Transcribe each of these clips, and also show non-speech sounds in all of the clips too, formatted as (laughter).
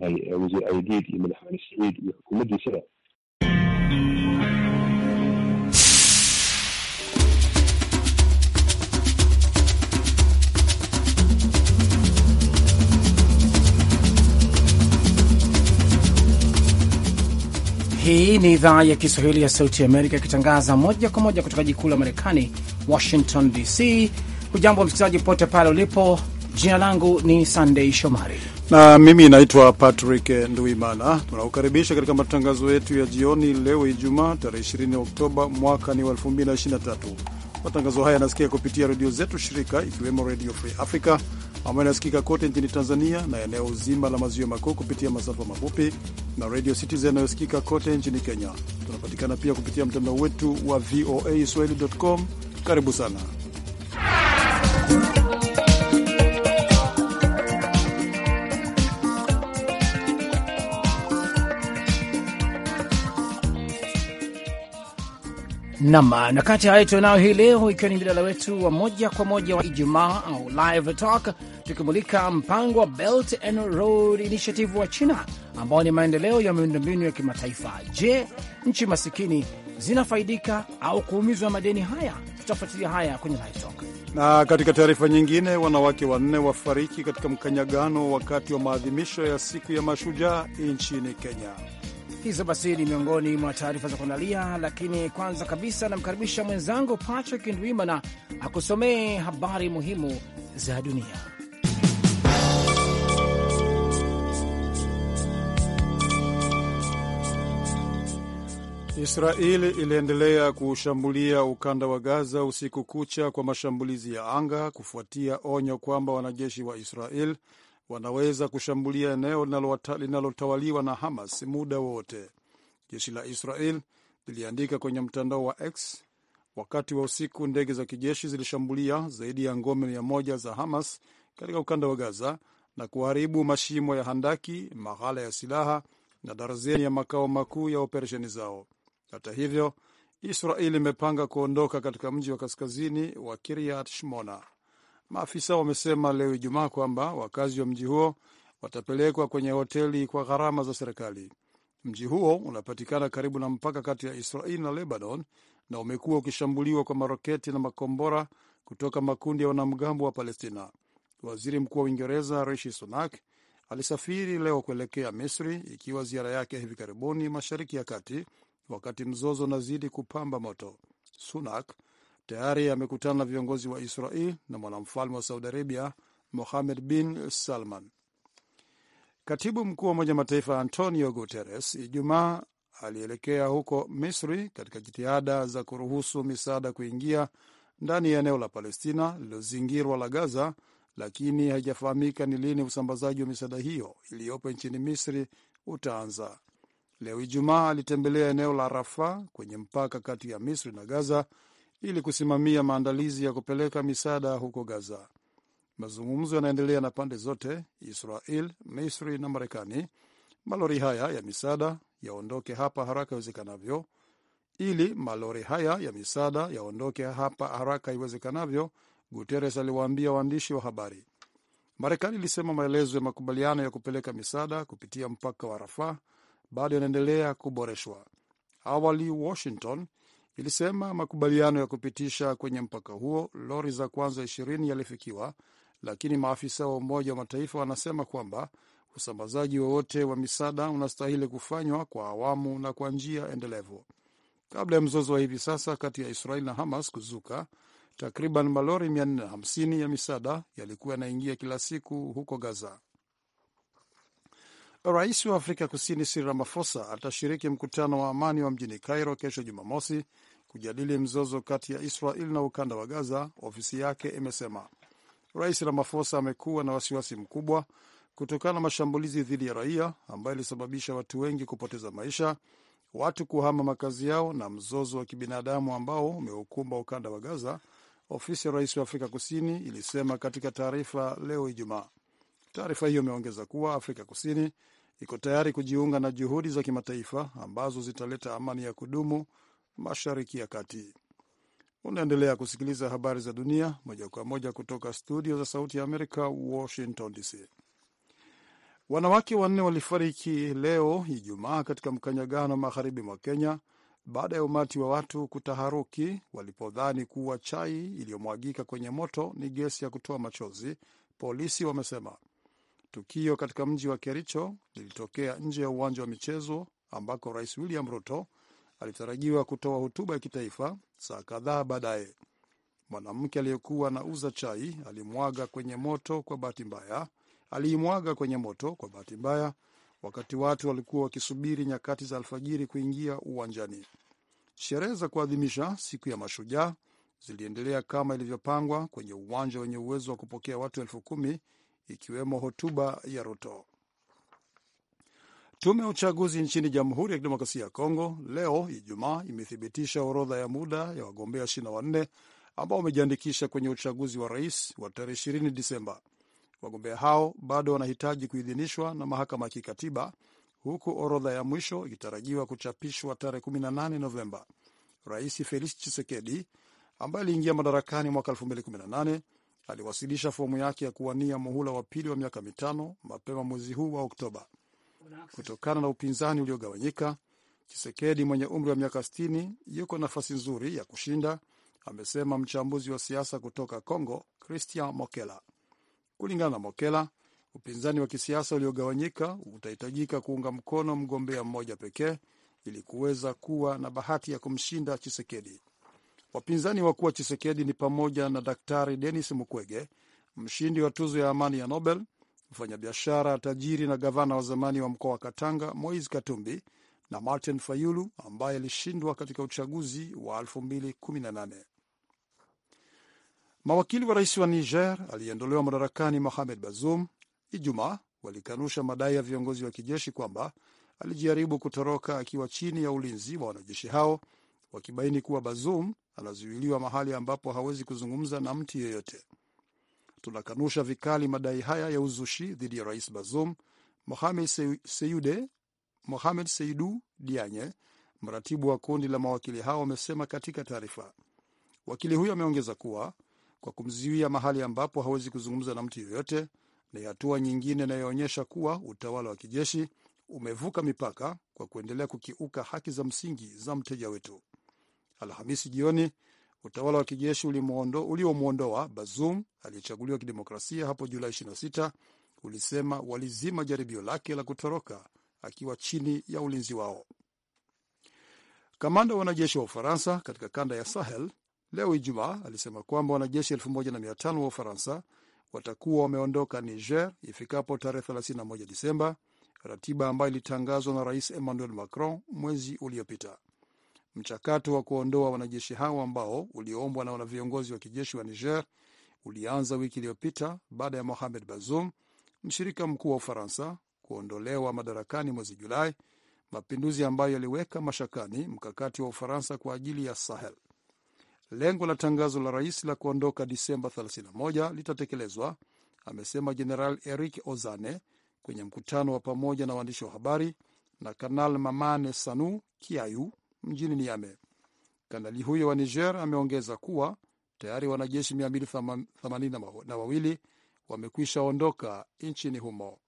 tahay wasiir ayageed iyo madaxweyne saciid iyo xukuumaddiisaba Hii ni idhaa ya Kiswahili ya Sauti Amerika ikitangaza moja kwa moja kutoka jikuu la Marekani, Washington DC. Hujambo msikilizaji popote pale ulipo. Jina langu ni Sandei Shomari na mimi naitwa Patrick Nduimana. Tunakukaribisha katika matangazo yetu ya jioni leo Ijumaa tarehe 20 Oktoba mwaka ni wa 2023. Matangazo haya yanasikika kupitia redio zetu shirika ikiwemo Redio Free Africa ambayo inasikika kote nchini Tanzania na eneo zima la maziwa makuu kupitia masafa mafupi na Radio Citizen inayosikika kote nchini Kenya. Tunapatikana pia kupitia mtandao wetu wa voa swahili.com. Karibu sana Nam na kati hayo tuonayo hii leo, ikiwa ni mjadala wetu wa moja kwa moja wa Ijumaa au live talk, tukimulika mpango wa Belt and Road Initiative wa China ambao ni maendeleo ya miundombinu ya kimataifa. Je, nchi masikini zinafaidika au kuumizwa madeni haya? Tutafuatilia haya kwenye live talk. Na katika taarifa nyingine, wanawake wanne wafariki katika mkanyagano wakati wa maadhimisho ya siku ya mashujaa nchini Kenya. Hizo basi ni miongoni mwa taarifa za kuandalia, lakini kwanza kabisa namkaribisha mwenzangu Patrick Ndwimana akusomee habari muhimu za dunia. Israeli iliendelea kushambulia ukanda wa Gaza usiku kucha kwa mashambulizi ya anga kufuatia onyo kwamba wanajeshi wa Israel wanaweza kushambulia eneo linalotawaliwa na Hamas muda wowote, jeshi la Israel liliandika kwenye mtandao wa X. Wakati wa usiku, ndege za kijeshi zilishambulia zaidi ya ngome mia moja za Hamas katika ukanda wa Gaza na kuharibu mashimo ya handaki, maghala ya silaha na darzeni ya makao makuu ya operesheni zao. Hata hivyo, Israel imepanga kuondoka katika mji wa kaskazini wa Kiryat Shmona. Maafisa wamesema leo Ijumaa kwamba wakazi wa mji huo watapelekwa kwenye hoteli kwa gharama za serikali. Mji huo unapatikana karibu na mpaka kati ya Israeli na Lebanon na umekuwa ukishambuliwa kwa maroketi na makombora kutoka makundi ya wanamgambo wa Palestina. Waziri Mkuu wa Uingereza Rishi Sunak alisafiri leo kuelekea Misri, ikiwa ziara yake hivi karibuni Mashariki ya Kati, wakati mzozo unazidi kupamba moto. Sunak tayari amekutana na viongozi wa Israel na mwanamfalme wa Saudi Arabia Mohamed bin Salman. Katibu mkuu wa Umoja Mataifa Antonio Guterres Ijumaa alielekea huko Misri katika jitihada za kuruhusu misaada kuingia ndani ya eneo la Palestina lililozingirwa la Gaza, lakini haijafahamika ni lini usambazaji wa misaada hiyo iliyopo nchini Misri utaanza. Leo Ijumaa alitembelea eneo la Rafa kwenye mpaka kati ya Misri na Gaza ili kusimamia maandalizi ya kupeleka misaada huko Gaza. Mazungumzo yanaendelea na pande zote, Israel, Misri na Marekani. Malori haya ya misaada yaondoke hapa haraka iwezekanavyo ili malori haya ya misaada yaondoke hapa haraka iwezekanavyo, Guterres aliwaambia waandishi wa habari. Marekani ilisema maelezo ya makubaliano ya kupeleka misaada kupitia mpaka wa Rafah bado yanaendelea kuboreshwa. Awali Washington ilisema makubaliano ya kupitisha kwenye mpaka huo lori za kwanza ishirini yalifikiwa, lakini maafisa wa Umoja wa Mataifa wanasema kwamba usambazaji wowote wa, wa misaada unastahili kufanywa kwa awamu na kwa njia endelevu. Kabla ya mzozo wa hivi sasa kati ya Israel na Hamas kuzuka, takriban malori 450 ya misaada yalikuwa yanaingia kila siku huko Gaza. Rais wa Afrika Kusini Cyril Ramaphosa atashiriki mkutano wa amani wa mjini Cairo kesho Jumamosi kujadili mzozo kati ya Israel na ukanda wa Gaza, ofisi yake imesema. Rais Ramafosa amekuwa na wasiwasi mkubwa kutokana na mashambulizi dhidi ya raia ambayo ilisababisha watu wengi kupoteza maisha, watu kuhama makazi yao na mzozo wa kibinadamu ambao umeukumba ukanda wa Gaza, ofisi ya rais wa Afrika Kusini ilisema katika taarifa leo Ijumaa. Taarifa hiyo imeongeza kuwa Afrika Kusini iko tayari kujiunga na juhudi za kimataifa ambazo zitaleta amani ya kudumu Mashariki ya Kati. Unaendelea kusikiliza habari za dunia moja kwa moja kutoka studio za Sauti ya Amerika, Washington DC. Wanawake wanne walifariki leo Ijumaa katika mkanyagano magharibi mwa Kenya baada ya umati wa watu kutaharuki walipodhani kuwa chai iliyomwagika kwenye moto ni gesi ya kutoa machozi, polisi wamesema. Tukio katika mji wa Kericho lilitokea nje ya uwanja wa michezo ambako Rais William Ruto alitarajiwa kutoa hotuba ya kitaifa saa kadhaa baadaye. Mwanamke aliyekuwa anauza chai alimwaga kwenye moto kwa bahati mbaya, aliimwaga kwenye moto kwa bahati mbaya wakati watu walikuwa wakisubiri nyakati za alfajiri kuingia uwanjani. Sherehe za kuadhimisha siku ya mashujaa ziliendelea kama ilivyopangwa kwenye uwanja wenye uwezo wa kupokea watu elfu kumi ikiwemo hotuba ya Ruto. Tume ya uchaguzi nchini Jamhuri ya Kidemokrasia ya Kongo leo Ijumaa imethibitisha orodha ya muda ya wagombea 24 ambao wamejiandikisha kwenye uchaguzi wa rais wa tarehe 20 Disemba. Wagombea hao bado wanahitaji kuidhinishwa na mahakama ya kikatiba, huku orodha ya mwisho ikitarajiwa kuchapishwa tarehe 18 Novemba. Rais Felix Tshisekedi ambaye aliingia madarakani mwaka 2018 aliwasilisha fomu yake ya kuwania muhula wa pili wa miaka mitano mapema mwezi huu wa Oktoba kutokana na upinzani uliogawanyika. Chisekedi mwenye umri wa miaka 60 yuko nafasi nzuri ya kushinda, amesema mchambuzi wa siasa kutoka Congo, Christian Mokela. Kulingana na Mokela, upinzani wa kisiasa uliogawanyika utahitajika kuunga mkono mgombea mmoja pekee ili kuweza kuwa na bahati ya kumshinda Chisekedi. Wapinzani wakuu wa Chisekedi ni pamoja na Daktari Denis Mukwege, mshindi wa tuzo ya amani ya Nobel, mfanyabiashara tajiri na gavana wa zamani wa mkoa wa Katanga mois Katumbi na Martin Fayulu ambaye alishindwa katika uchaguzi wa 2018. Mawakili wa rais wa Niger aliyeondolewa madarakani Mohamed Bazoum Ijumaa walikanusha madai ya viongozi wa kijeshi kwamba alijaribu kutoroka akiwa chini ya ulinzi wa wanajeshi hao, wakibaini kuwa Bazoum anazuiliwa mahali ambapo hawezi kuzungumza na mtu yeyote tunakanusha vikali madai haya ya uzushi dhidi ya Rais Bazoum, Mohamed Seidu Dianye, mratibu wa kundi la mawakili hao, amesema katika taarifa. Wakili huyo ameongeza kuwa kwa kumzuia mahali ambapo hawezi kuzungumza na mtu yoyote ni hatua nyingine inayoonyesha kuwa utawala wa kijeshi umevuka mipaka kwa kuendelea kukiuka haki za msingi za mteja wetu. Alhamisi jioni Utawala wa kijeshi uliomwondoa Bazoum aliyechaguliwa kidemokrasia hapo Julai 26 ulisema walizima jaribio lake la kutoroka akiwa chini ya ulinzi wao. Kamanda wa wanajeshi wa Ufaransa katika kanda ya Sahel leo Ijumaa alisema kwamba wanajeshi 1500 wa Ufaransa watakuwa wameondoka Niger ifikapo tarehe 31 Disemba, ratiba ambayo ilitangazwa na Rais Emmanuel Macron mwezi uliopita. Mchakato wa kuwaondoa wanajeshi hao ambao ulioombwa na wanaviongozi wa kijeshi wa Niger ulianza wiki iliyopita baada ya Mohamed Bazoum, mshirika mkuu wa Ufaransa, kuondolewa madarakani mwezi Julai, mapinduzi ambayo yaliweka mashakani mkakati wa Ufaransa kwa ajili ya Sahel. Lengo la tangazo la rais la kuondoka Disemba 31 litatekelezwa, amesema Jeneral Eric Ozane kwenye mkutano wa pamoja na waandishi wa habari na Kanal Mamane Sanu Kiayu, mjini niame Kanali huyo wa Niger ameongeza kuwa tayari wanajeshi 282 wamekwisha ondoka nchini humo.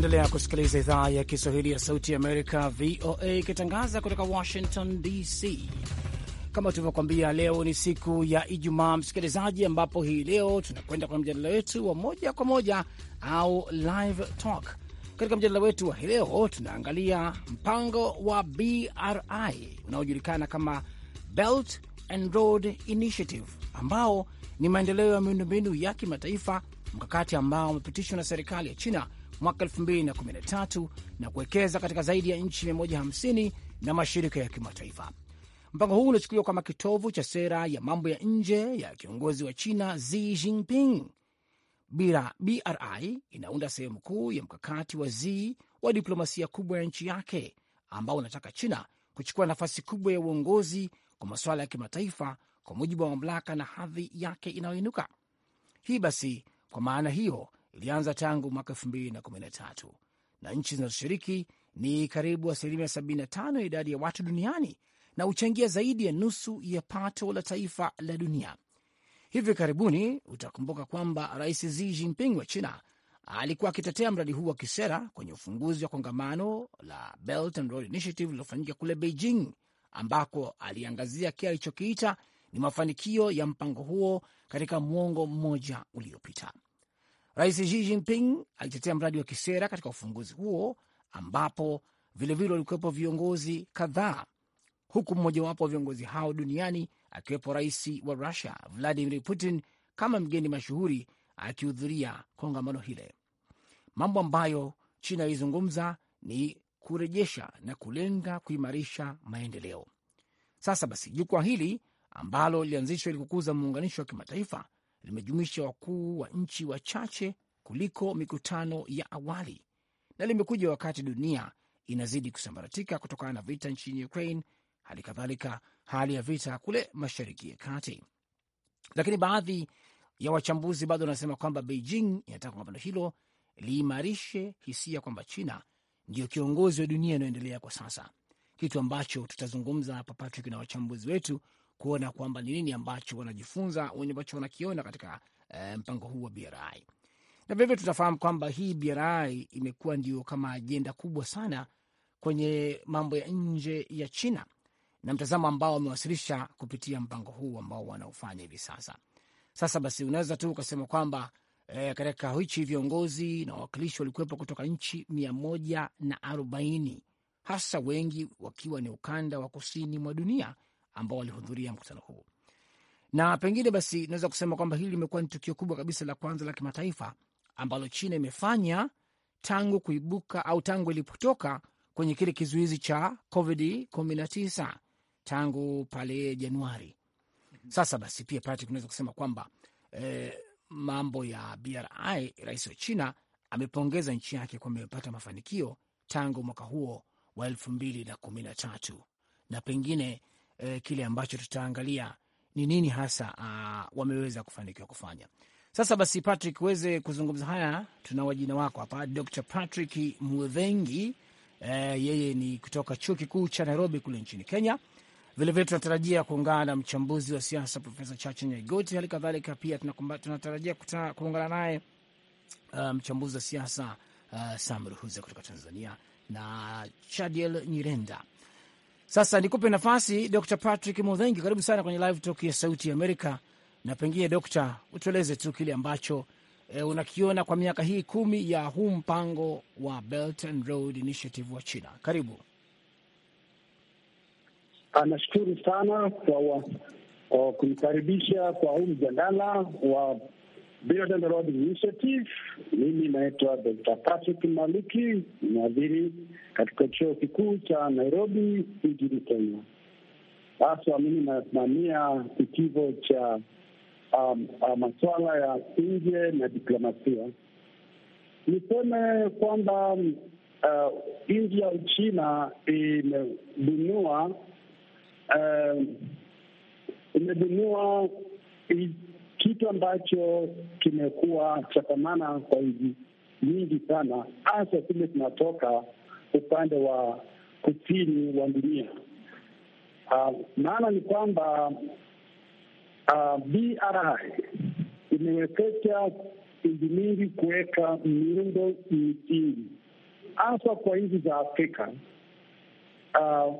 Unaendelea kusikiliza idhaa ya Kiswahili ya Sauti ya Amerika, VOA, ikitangaza kutoka Washington DC. Kama tulivyokwambia, leo ni siku ya Ijumaa, msikilizaji, ambapo hii leo tunakwenda kwenye mjadala wetu wa moja kwa moja au live talk. Katika mjadala wetu wa hii leo tunaangalia mpango wa BRI unaojulikana kama Belt and Road Initiative, ambao ni maendeleo ya miundombinu ya kimataifa, mkakati ambao umepitishwa na serikali ya China mwaka 2013 na kuwekeza katika zaidi ya nchi 150 na mashirika ya kimataifa. Mpango huu unachukuliwa kama kitovu cha sera ya mambo ya nje ya kiongozi wa China Xi Jinping. Bira, BRI inaunda sehemu kuu ya mkakati wa Xi wa diplomasia kubwa ya nchi yake ambao unataka China kuchukua nafasi kubwa ya uongozi kwa masuala ya kimataifa kwa mujibu wa mamlaka na hadhi yake inayoinuka. Hii basi, kwa maana hiyo ilianza tangu mwaka elfu mbili na kumi na tatu na nchi zinazoshiriki ni karibu asilimia sabini na tano ya idadi ya watu duniani na huchangia zaidi ya nusu ya pato la taifa la dunia. Hivi karibuni utakumbuka kwamba Rais Xi Jinping wa China alikuwa akitetea mradi huu wa kisera kwenye ufunguzi wa kongamano la Belt and Road Initiative lililofanyika kule Beijing, ambako aliangazia kile alichokiita ni mafanikio ya mpango huo katika mwongo mmoja uliopita. Rais Xi Jinping alitetea mradi wa kisera katika ufunguzi huo ambapo vilevile walikuwepo viongozi kadhaa, huku mmojawapo wa viongozi hao duniani akiwepo rais wa Russia Vladimir Putin kama mgeni mashuhuri akihudhuria kongamano hile. Mambo ambayo China ilizungumza ni kurejesha na kulenga kuimarisha maendeleo. Sasa basi, jukwaa hili ambalo lilianzishwa ili kukuza muunganisho wa kimataifa limejumuisha wakuu wa nchi wachache kuliko mikutano ya awali na limekuja wakati dunia inazidi kusambaratika kutokana na vita nchini Ukraine, hali kadhalika hali ya vita kule Mashariki ya Kati. Lakini baadhi ya wachambuzi bado wanasema kwamba Beijing inataka kongamano hilo liimarishe hisia kwamba China ndiyo kiongozi wa dunia inayoendelea kwa sasa, kitu ambacho tutazungumza hapa Patrick na wachambuzi wetu kuona kwamba ni nini ambacho wanajifunza wenye ambacho wanakiona katika eh, mpango huu wa BRI. Na vilevile tutafahamu kwamba hii BRI imekuwa ndio kama ajenda kubwa sana kwenye mambo ya nje ya China na mtazamo ambao wamewasilisha kupitia mpango huu ambao wanaofanya hivi sasa. Sasa basi, unaweza tu ukasema kwamba e, katika kikao hichi viongozi na wawakilishi walikuwepo kutoka nchi mia moja na arobaini hasa wengi wakiwa ni ukanda wa kusini mwa dunia ambao walihudhuria mkutano huu. Na pengine basi naweza kusema kwamba hili limekuwa ni tukio kubwa kabisa la kwanza la kimataifa ambalo China imefanya tangu kuibuka au tangu ilipotoka kwenye kile kizuizi cha Covid 19 tangu pale Januari. Mhm. Sasa basi pia Patrick, unaweza kusema kwamba eh, mambo ya BRI, rais wa China amepongeza nchi yake kwamba imepata mafanikio tangu mwaka huo wa elfu mbili na kumi na tatu na pengine eh, kile ambacho tutaangalia ni nini hasa uh, wameweza kufanikiwa kufanya. Sasa basi, Patrick, uweze kuzungumza haya, tuna wajina wako hapa, Dr Patrick Mudhengi. Eh, yeye ni kutoka chuo kikuu cha Nairobi kule nchini Kenya. Vilevile tunatarajia kuungana na mchambuzi wa siasa Profesa Chacha Nyaigoti, hali kadhalika pia tunatarajia kuungana naye uh, mchambuzi wa siasa uh, Sam Ruhuza kutoka Tanzania na Chadiel Nyirenda sasa nikupe nafasi Dr. Patrick Mudhengi, karibu sana kwenye live talk ya Sauti ya Amerika, na pengine Dokta utueleze tu kile ambacho e, unakiona kwa miaka hii kumi ya huu mpango wa Belt and Road Initiative wa China. Karibu. Ah, nashukuru sana kwa kunikaribisha kwa huu mjadala wa Beyond Initiative. Mimi naitwa Dr. Patrick Maliki, mwadhiri katika chuo kikuu cha Nairobi nchini Kenya. Haswa mimi nasimamia kitivo cha um, uh, maswala ya nje na diplomasia. Niseme kwamba uh, nchi ya Uchina imebunua uh, imebunua kitu ambacho kimekuwa cha thamana kwa hizi nyingi sana, hasa zile zinatoka upande wa kusini wa dunia. Uh, maana ni kwamba uh, ah, BRI imewezesha nchi mingi kuweka miundo misingi hasa kwa nchi za Afrika. Uh, ah,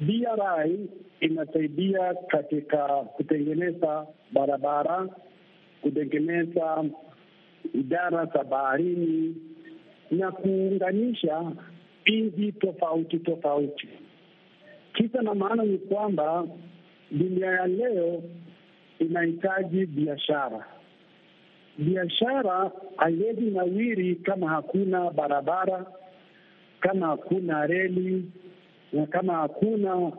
BRI inasaidia katika kutengeneza barabara kutengeneza idara za baharini na kuunganisha nchi tofauti tofauti. Kisa na maana ni kwamba dunia ya leo inahitaji biashara. Biashara haiwezi nawiri kama hakuna barabara, kama hakuna reli na kama hakuna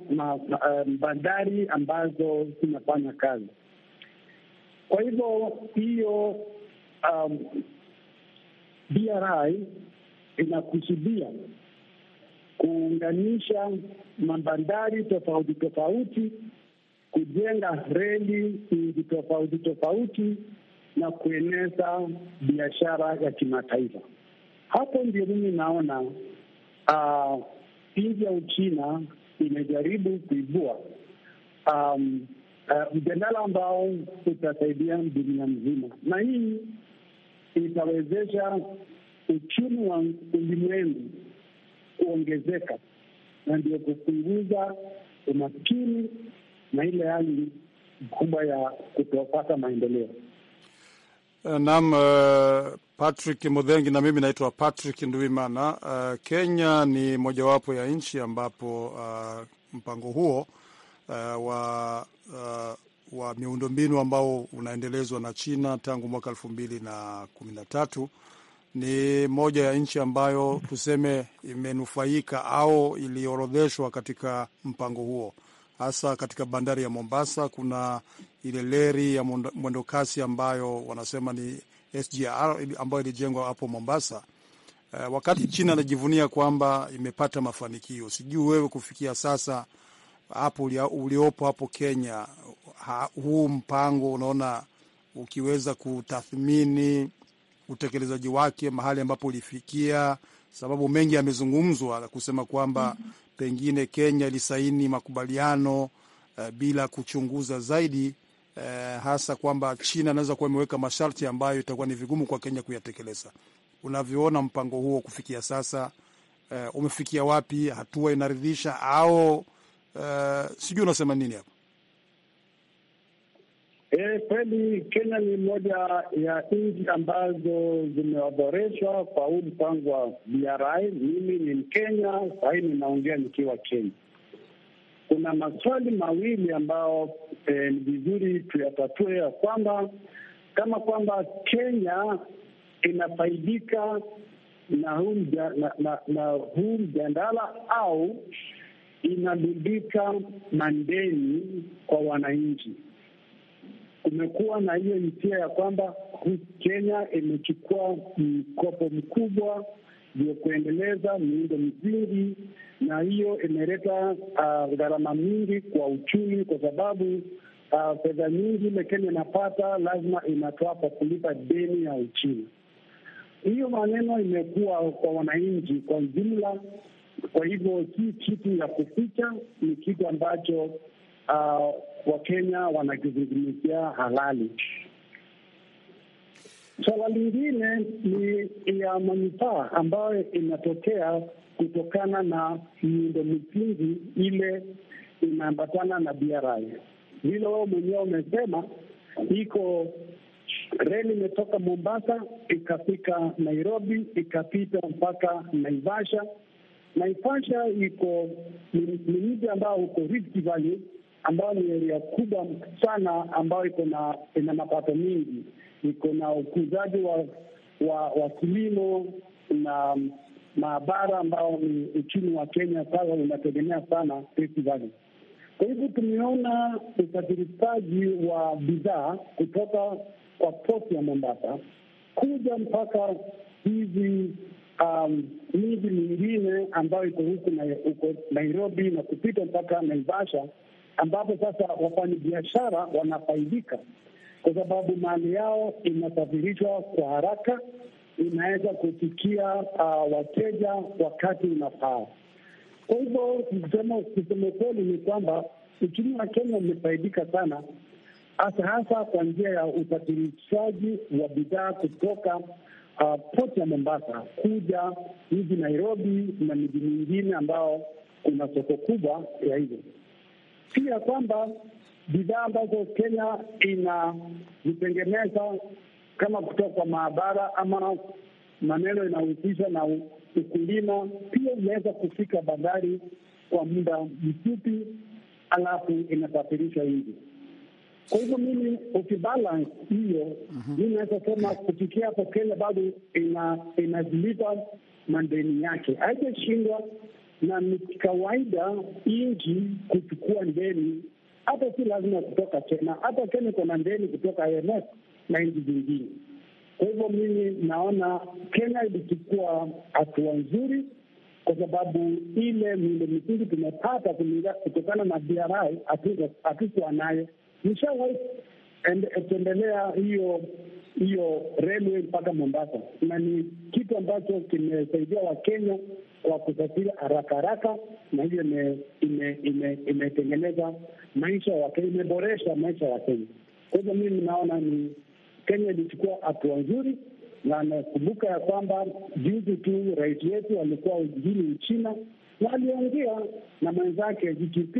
eh, bandari ambazo zinafanya kazi. Kwa hivyo hiyo um, BRI inakusudia kuunganisha mabandari tofauti tofauti, kujenga reli nyingi tofauti tofauti na kueneza biashara ya kimataifa. Hapo ndio mimi naona uh, nchi ya Uchina imejaribu kuibua um, Eh, mjadala uh, ambao utasaidia dunia mzima, na hii itawezesha uchumi wa ulimwengu kuongezeka, na ndio kupunguza umaskini na ile hali kubwa ya kutopata maendeleo. Eh, naam, uh, Patrick Mudhengi na mimi naitwa Patrick Nduimana. Uh, Kenya ni mojawapo ya nchi ambapo uh, mpango huo uh, wa, uh, wa miundombinu ambao unaendelezwa na China tangu mwaka elfu mbili na kumi na tatu ni moja ya nchi ambayo tuseme imenufaika au iliorodheshwa katika mpango huo, hasa katika bandari ya Mombasa. Kuna ile leri ya mwendokasi ambayo wanasema ni SGR ambayo ilijengwa hapo Mombasa. Eh, wakati China anajivunia kwamba imepata mafanikio, sijui wewe kufikia sasa hapo uliopo hapo Kenya, ha, huu mpango unaona ukiweza kutathmini utekelezaji wake mahali ambapo ulifikia, sababu mengi yamezungumzwa kusema kwamba mm -hmm. pengine Kenya ilisaini makubaliano uh, bila kuchunguza zaidi uh, hasa kwamba China inaweza kuwa imeweka masharti ambayo itakuwa ni vigumu kwa Kenya kuyatekeleza. Unavyoona mpango huo kufikia sasa uh, umefikia wapi? Hatua inaridhisha au Eh, sijui unasema nini hapo. E, kweli Kenya ni moja ya nchi ambazo zimeoboreshwa kwa huu mpango wa BRI. Mimi ni Mkenya, sahii ninaongea nikiwa Kenya. Kuna maswali mawili ambayo e, eh, ni vizuri tuyatatue, ya kwamba kama kwamba Kenya inafaidika na huu mjadala au inarundika mandeni kwa wananchi. Kumekuwa na hiyo hisia ya kwamba Kenya imechukua mkopo mkubwa ndio kuendeleza miundo misingi, na hiyo imeleta uh, gharama mingi kwa uchumi, kwa sababu uh, fedha nyingi ile Kenya inapata lazima inatoa kwa kulipa deni ya uchumi Hiyo maneno imekuwa kwa wananchi kwa jumla kwa hivyo hii kitu ya kuficha ni kitu ambacho uh, Wakenya wanakizungumzia halali. Swala lingine ni ya manufaa ambayo inatokea kutokana na miundo misingi ile inaambatana na BRI. Vile wewe mwenyewe umesema, iko reli imetoka Mombasa ikafika Nairobi, ikapita mpaka Naivasha Naivasha iko ni mji ambao uko Rift Valley, ambayo ni eneo kubwa sana ambayo iko na ina mapato mingi iko na ukuzaji wa wa, wa kilimo na maabara ambao ni uchumi wa Kenya sasa unategemea sana Rift Valley. Kwa hivyo tumeona usafirishaji wa bidhaa kutoka kwa posi ya Mombasa kuja mpaka hizi Um, miji um, mingine ambayo iko huku na, uko Nairobi na kupita mpaka Naivasha, ambapo sasa wafanyabiashara wanafaidika kwa sababu mali yao inasafirishwa kwa haraka, inaweza kufikia uh, wateja wakati unafaa. Kwa hivyo kusema kweli ni kwamba uchumi wa Kenya umefaidika sana, hasa hasa kwa njia ya usafirishaji wa bidhaa kutoka uh, ah, poti ya Mombasa kuja miji Nairobi na miji mingine ambao kuna soko kubwa ya hivyo, pia kwamba bidhaa ambazo Kenya inazitengeneza kama kutoka kwa maabara ama maneno inahusisha na ukulima pia inaweza kufika bandari kwa muda mfupi, alafu inasafirishwa hivi. Kwa hivyo mimi ukibalance hiyo mm -hmm. mi naweza sema kufikia hapo Kenya bado inazilipa mandeni yake, haijashindwa na ni kawaida nchi kuchukua ndeni, hata si lazima kutoka tena, Hata Kenya iko na ndeni kutoka IMF na nchi zingine. Kwa hivyo mimi naona Kenya ilichukua hatua nzuri, kwa sababu ile miundo misingi tumepata kutokana na BRI hatukuwa nayo. Nishawahi tembelea hiyo hiyo railway mpaka Mombasa, na ni kitu ambacho kimesaidia Wakenya kwa kusafiri haraka haraka, na hiyo imetengeneza maisha ya Wakenya, imeboresha maisha ya Wakenya. Kwa hivyo mimi naona ni Kenya ilichukua hatua nzuri, na nakumbuka ya kwamba juzi tu rais wetu alikuwa jini Uchina na aliongea na mwenzake GTP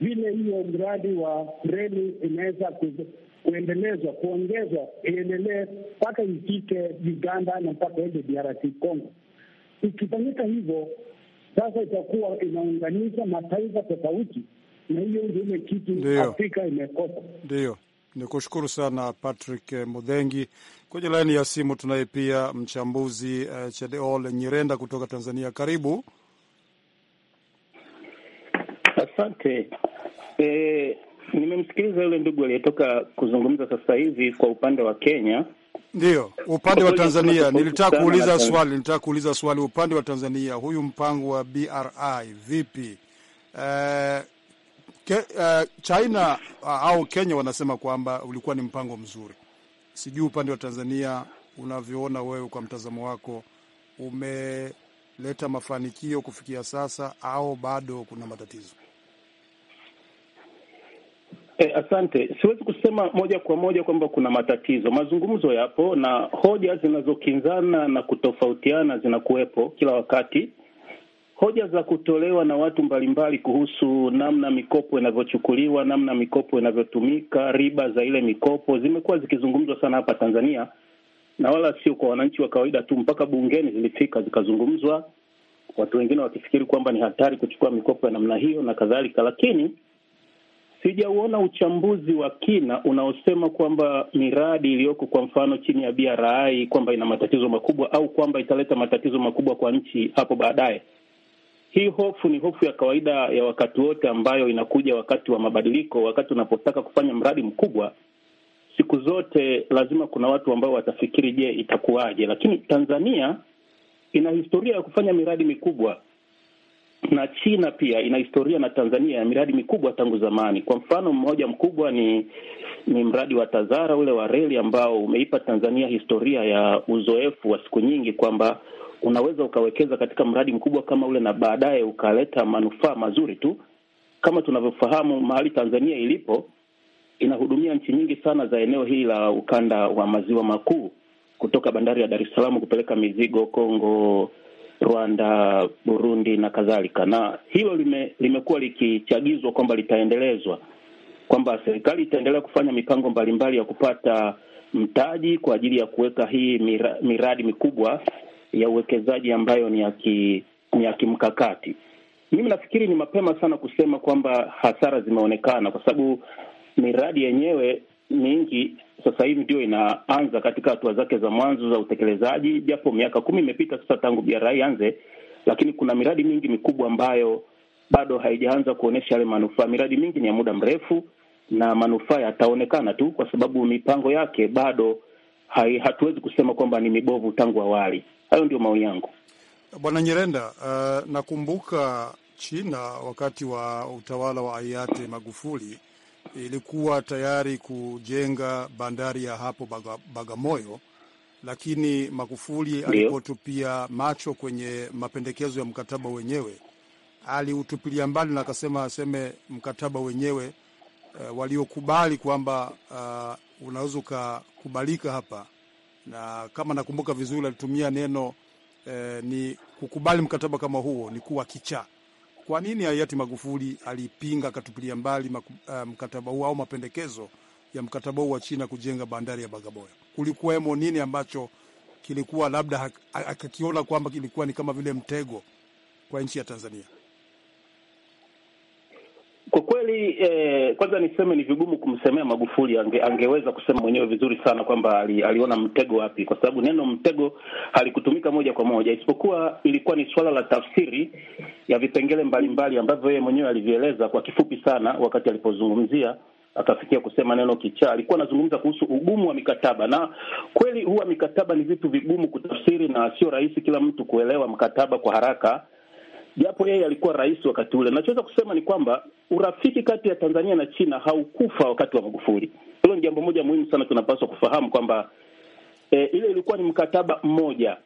vile hiyo mradi wa reli inaweza kuendelezwa kuongezwa, iendelee mpaka ifike Uganda na mpaka ende DRC Congo. Ikifanyika hivyo, sasa itakuwa inaunganisha mataifa tofauti, na hiyo ndiyo kitu Afrika imekosa. ndio Ni kushukuru sana Patrick Mudhengi. Kwenye laini ya simu tunaye pia mchambuzi uh, Chedeol Nyirenda kutoka Tanzania. Karibu. Asante. E, nimemsikiliza yule ndugu aliyetoka kuzungumza sasa hivi kwa upande wa Kenya. Ndiyo, upande wa Tanzania nilitaka kuuliza swali, nilitaka kuuliza swali upande wa Tanzania, huyu mpango wa BRI vipi? E, ke, uh, China uh, au Kenya wanasema kwamba ulikuwa ni mpango mzuri. Sijui upande wa Tanzania unavyoona wewe, kwa mtazamo wako umeleta mafanikio kufikia sasa au bado kuna matatizo? E, asante. Siwezi kusema moja kwa moja kwamba kuna matatizo. Mazungumzo yapo na hoja zinazokinzana na kutofautiana zinakuwepo kila wakati. Hoja za kutolewa na watu mbalimbali kuhusu namna mikopo inavyochukuliwa, namna mikopo inavyotumika, riba za ile mikopo zimekuwa zikizungumzwa sana hapa Tanzania, na wala sio kwa wananchi wa kawaida tu, mpaka bungeni zilifika zikazungumzwa, watu wengine wakifikiri kwamba ni hatari kuchukua mikopo ya namna hiyo na kadhalika, lakini sijauona uchambuzi wa kina unaosema kwamba miradi iliyoko kwa mfano chini ya BRI kwamba ina matatizo makubwa au kwamba italeta matatizo makubwa kwa nchi hapo baadaye. Hii hofu ni hofu ya kawaida ya wakati wote ambayo inakuja wakati wa mabadiliko. Wakati unapotaka kufanya mradi mkubwa, siku zote lazima kuna watu ambao watafikiri, je, itakuwaje? Lakini Tanzania ina historia ya kufanya miradi mikubwa na China pia ina historia na Tanzania ya miradi mikubwa tangu zamani. Kwa mfano mmoja mkubwa ni ni mradi wa Tazara ule wa reli ambao umeipa Tanzania historia ya uzoefu wa siku nyingi, kwamba unaweza ukawekeza katika mradi mkubwa kama ule na baadaye ukaleta manufaa mazuri tu. Kama tunavyofahamu, mahali Tanzania ilipo inahudumia nchi nyingi sana za eneo hili la ukanda wa maziwa makuu, kutoka bandari ya Dar es Salaam kupeleka mizigo Kongo Rwanda, Burundi na kadhalika, na hilo lime, limekuwa likichagizwa kwamba litaendelezwa, kwamba serikali itaendelea kufanya mipango mbalimbali ya kupata mtaji kwa ajili ya kuweka hii mira, miradi mikubwa ya uwekezaji ambayo ni ya ki, ni ya kimkakati. Mimi nafikiri ni mapema sana kusema kwamba hasara zimeonekana, kwa sababu miradi yenyewe mingi sasa hivi ndio inaanza katika hatua zake za mwanzo za utekelezaji, japo miaka kumi imepita sasa tangu BRI ianze, lakini kuna miradi mingi mikubwa ambayo bado haijaanza kuonyesha yale manufaa. Miradi mingi ni ya muda mrefu na manufaa yataonekana tu, kwa sababu mipango yake bado hai, hatuwezi kusema kwamba ni mibovu tangu awali. Hayo ndio maoni yangu, Bwana Nyerenda. Uh, nakumbuka China wakati wa utawala wa hayati Magufuli ilikuwa tayari kujenga bandari ya hapo baga, Bagamoyo, lakini Magufuli alipotupia macho kwenye mapendekezo ya mkataba wenyewe aliutupilia mbali na akasema aseme mkataba wenyewe uh, waliokubali kwamba uh, unaweza ukakubalika hapa, na kama nakumbuka vizuri alitumia neno uh, ni kukubali mkataba kama huo ni kuwa kichaa. Kwa nini hayati Magufuli alipinga akatupilia mbali uh, mkataba huu au mapendekezo ya mkataba huu wa China kujenga bandari ya Bagamoyo? Kulikuwemo nini ambacho kilikuwa labda akakiona kwamba kilikuwa ni kama vile mtego kwa nchi ya Tanzania? Kwa kweli eh, kwanza niseme ni vigumu kumsemea Magufuli. Ange, angeweza kusema mwenyewe vizuri sana kwamba ali, aliona mtego wapi, kwa sababu neno mtego halikutumika moja kwa moja, isipokuwa ilikuwa ni suala la tafsiri ya vipengele mbalimbali ambavyo yeye mwenyewe alivieleza kwa kifupi sana wakati alipozungumzia akafikia kusema neno kichaa. Alikuwa anazungumza kuhusu ugumu wa mikataba, na kweli huwa mikataba ni vitu vigumu kutafsiri na sio rahisi kila mtu kuelewa mkataba kwa haraka japo yeye alikuwa rais wakati ule. Nachoweza kusema ni kwamba urafiki kati ya Tanzania na China haukufa wakati wa Magufuli. Hilo ni jambo moja muhimu sana, tunapaswa kufahamu kwamba e, ile ilikuwa ni mkataba mmoja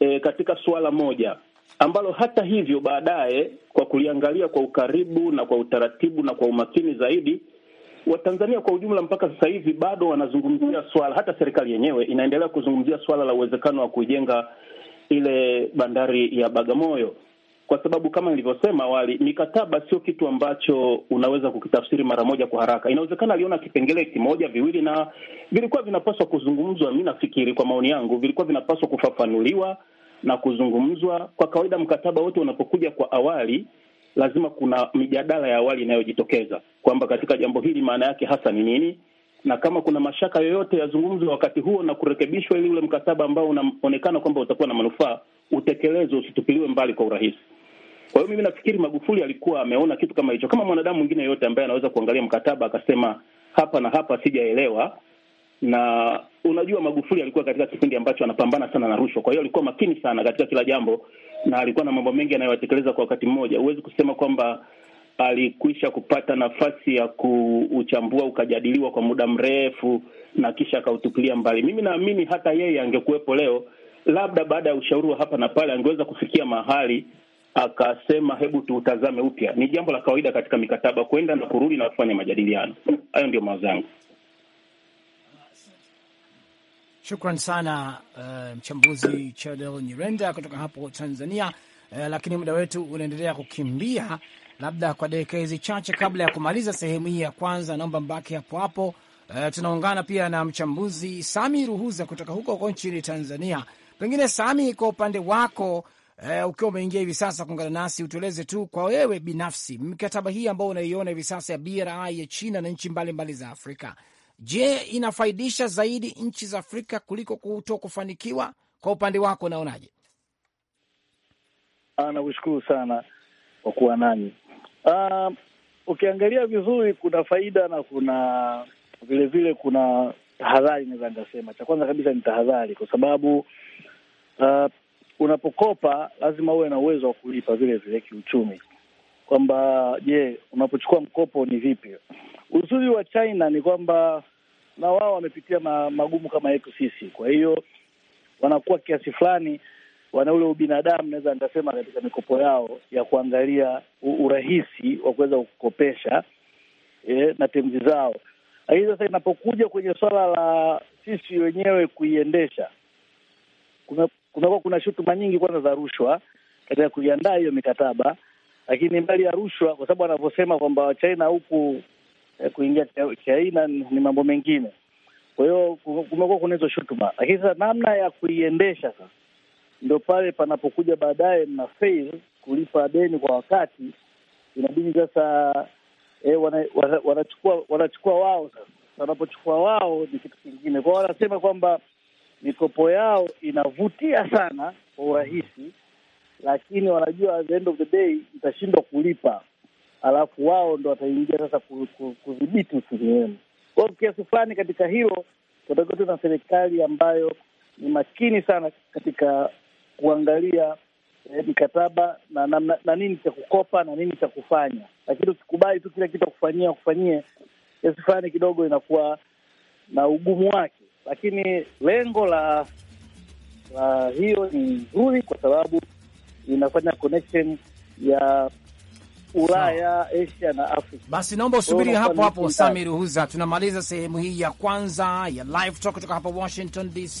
e, katika suala moja ambalo hata hivyo baadaye kwa kuliangalia kwa ukaribu na kwa utaratibu na kwa umakini zaidi, Watanzania kwa ujumla mpaka sasa hivi bado wanazungumzia swala, hata serikali yenyewe inaendelea kuzungumzia swala la uwezekano wa kuijenga ile bandari ya Bagamoyo kwa sababu kama nilivyosema awali, mikataba sio kitu ambacho unaweza kukitafsiri mara moja kwa haraka. Inawezekana aliona kipengele kimoja viwili, na vilikuwa vinapaswa kuzungumzwa. Mi nafikiri kwa maoni yangu, vilikuwa vinapaswa kufafanuliwa na kuzungumzwa. Kwa kawaida, mkataba wote unapokuja kwa awali, lazima kuna mijadala ya awali inayojitokeza kwamba katika jambo hili maana yake hasa ni nini, na kama kuna mashaka yoyote yazungumzwa wakati huo na kurekebishwa, ili ule mkataba ambao unaonekana kwamba utakuwa na manufaa utekelezwe, usitupiliwe mbali kwa urahisi. Kwa hiyo mimi nafikiri Magufuli alikuwa ameona kitu kama hicho, kama mwanadamu mwingine yote ambaye anaweza kuangalia mkataba akasema hapa na hapa sijaelewa. Na unajua Magufuli alikuwa katika kipindi ambacho anapambana sana na rushwa, kwa hiyo alikuwa makini sana katika kila jambo, na alikuwa na mambo mengi anayoyatekeleza kwa wakati mmoja. Huwezi kusema kwamba alikwisha kupata nafasi ya kuuchambua ukajadiliwa kwa muda mrefu na kisha akautupilia mbali. Mimi naamini hata yeye angekuwepo leo, labda baada ya ushauri wa hapa na pale, angeweza kufikia mahali akasema hebu tuutazame upya. Ni jambo la kawaida katika mikataba kwenda na kurudi na kufanya majadiliano. Hayo ndio mawazo yangu. Shukran sana uh, mchambuzi Chadel Nyirenda kutoka hapo Tanzania. Uh, lakini muda wetu unaendelea kukimbia, labda kwa dakika hizi chache kabla ya kumaliza sehemu hii ya kwanza, naomba mbaki hapo hapo. Uh, tunaungana pia na mchambuzi Sami Ruhuza kutoka huko huko nchini Tanzania. Pengine Sami, kwa upande wako Uh, ukiwa umeingia hivi sasa kuungana nasi, utueleze tu kwa wewe binafsi mikataba hii ambayo unaiona hivi sasa ya BRI ya China na nchi mbalimbali za Afrika, je, inafaidisha zaidi nchi za Afrika kuliko kuto kufanikiwa? Kwa upande wako unaonaje? Ah, nakushukuru sana kwa kuwa nani. Uh, ah, ukiangalia vizuri kuna faida na kuna vilevile vile kuna tahadhari, naweza nikasema. Cha kwanza kabisa ni tahadhari, kwa sababu uh, unapokopa lazima uwe na uwezo wa kulipa vile vile kiuchumi, kwamba je, unapochukua mkopo ni vipi? Uzuri wa China ni kwamba na wao wamepitia magumu kama yetu sisi, kwa hiyo wanakuwa kiasi fulani wana ule ubinadamu, naweza nitasema, katika mikopo yao ya kuangalia urahisi wa kuweza kukopesha eh, na temzi zao. Lakini sasa inapokuja kwenye swala la sisi wenyewe kuiendesha, kumekuwa kuna shutuma nyingi kwanza za rushwa katika kuiandaa hiyo mikataba, lakini mbali ya rushwa, kwa sababu wanavyosema kwamba wachaina huku eh, kuingia China ni mambo mengine. Kwa hiyo kumekuwa kuna hizo shutuma, lakini sasa namna ya kuiendesha sasa ndio pale panapokuja baadaye, mna fail kulipa deni kwa wakati, inabidi sasa eh, wanachukua wana, wana wanachukua wao sasa wanapochukua wao ni kitu kingine kwao. Wanasema kwamba mikopo yao inavutia sana kwa urahisi, lakini wanajua at the end of the day itashindwa kulipa, alafu wao ndo wataingia sasa kudhibiti uchumi wenu. Kwa hiyo kiasi fulani katika hilo tunatakiwa tuwe na serikali ambayo ni makini sana katika kuangalia eh, mikataba na, na, na, na nini cha kukopa na nini cha kufanya, lakini ukikubali tu kila kitu akufanyia akufanyie, kiasi fulani kidogo inakuwa na ugumu wake lakini lengo la la hiyo ni nzuri kwa sababu inafanya connection ya Ulaya, Asia na Afrika. Basi naomba usubiri hapo hapo, Sami Ruhuza, tunamaliza sehemu hii ya kwanza ya live talk kutoka hapa Washington DC.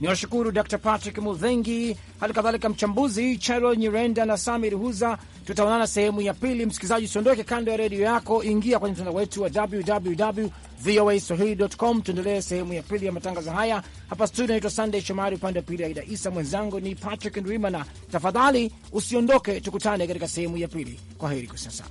Ni washukuru Dr Patrick Mudhengi, hali kadhalika mchambuzi Charo Nyirenda na Sami Ruhuza. Tutaonana sehemu ya pili. Msikilizaji, usiondoke kando ya redio yako, ingia kwenye mtandao wetu wa www voa swahili.com. Tuendelee sehemu ya pili ya matangazo haya. Hapa studio naitwa sandey Shomari, upande wa pili Aida Isa, mwenzangu ni Patrick Ndwimana. Tafadhali usiondoke, tukutane katika sehemu ya pili. Kwa heri kwa sasa.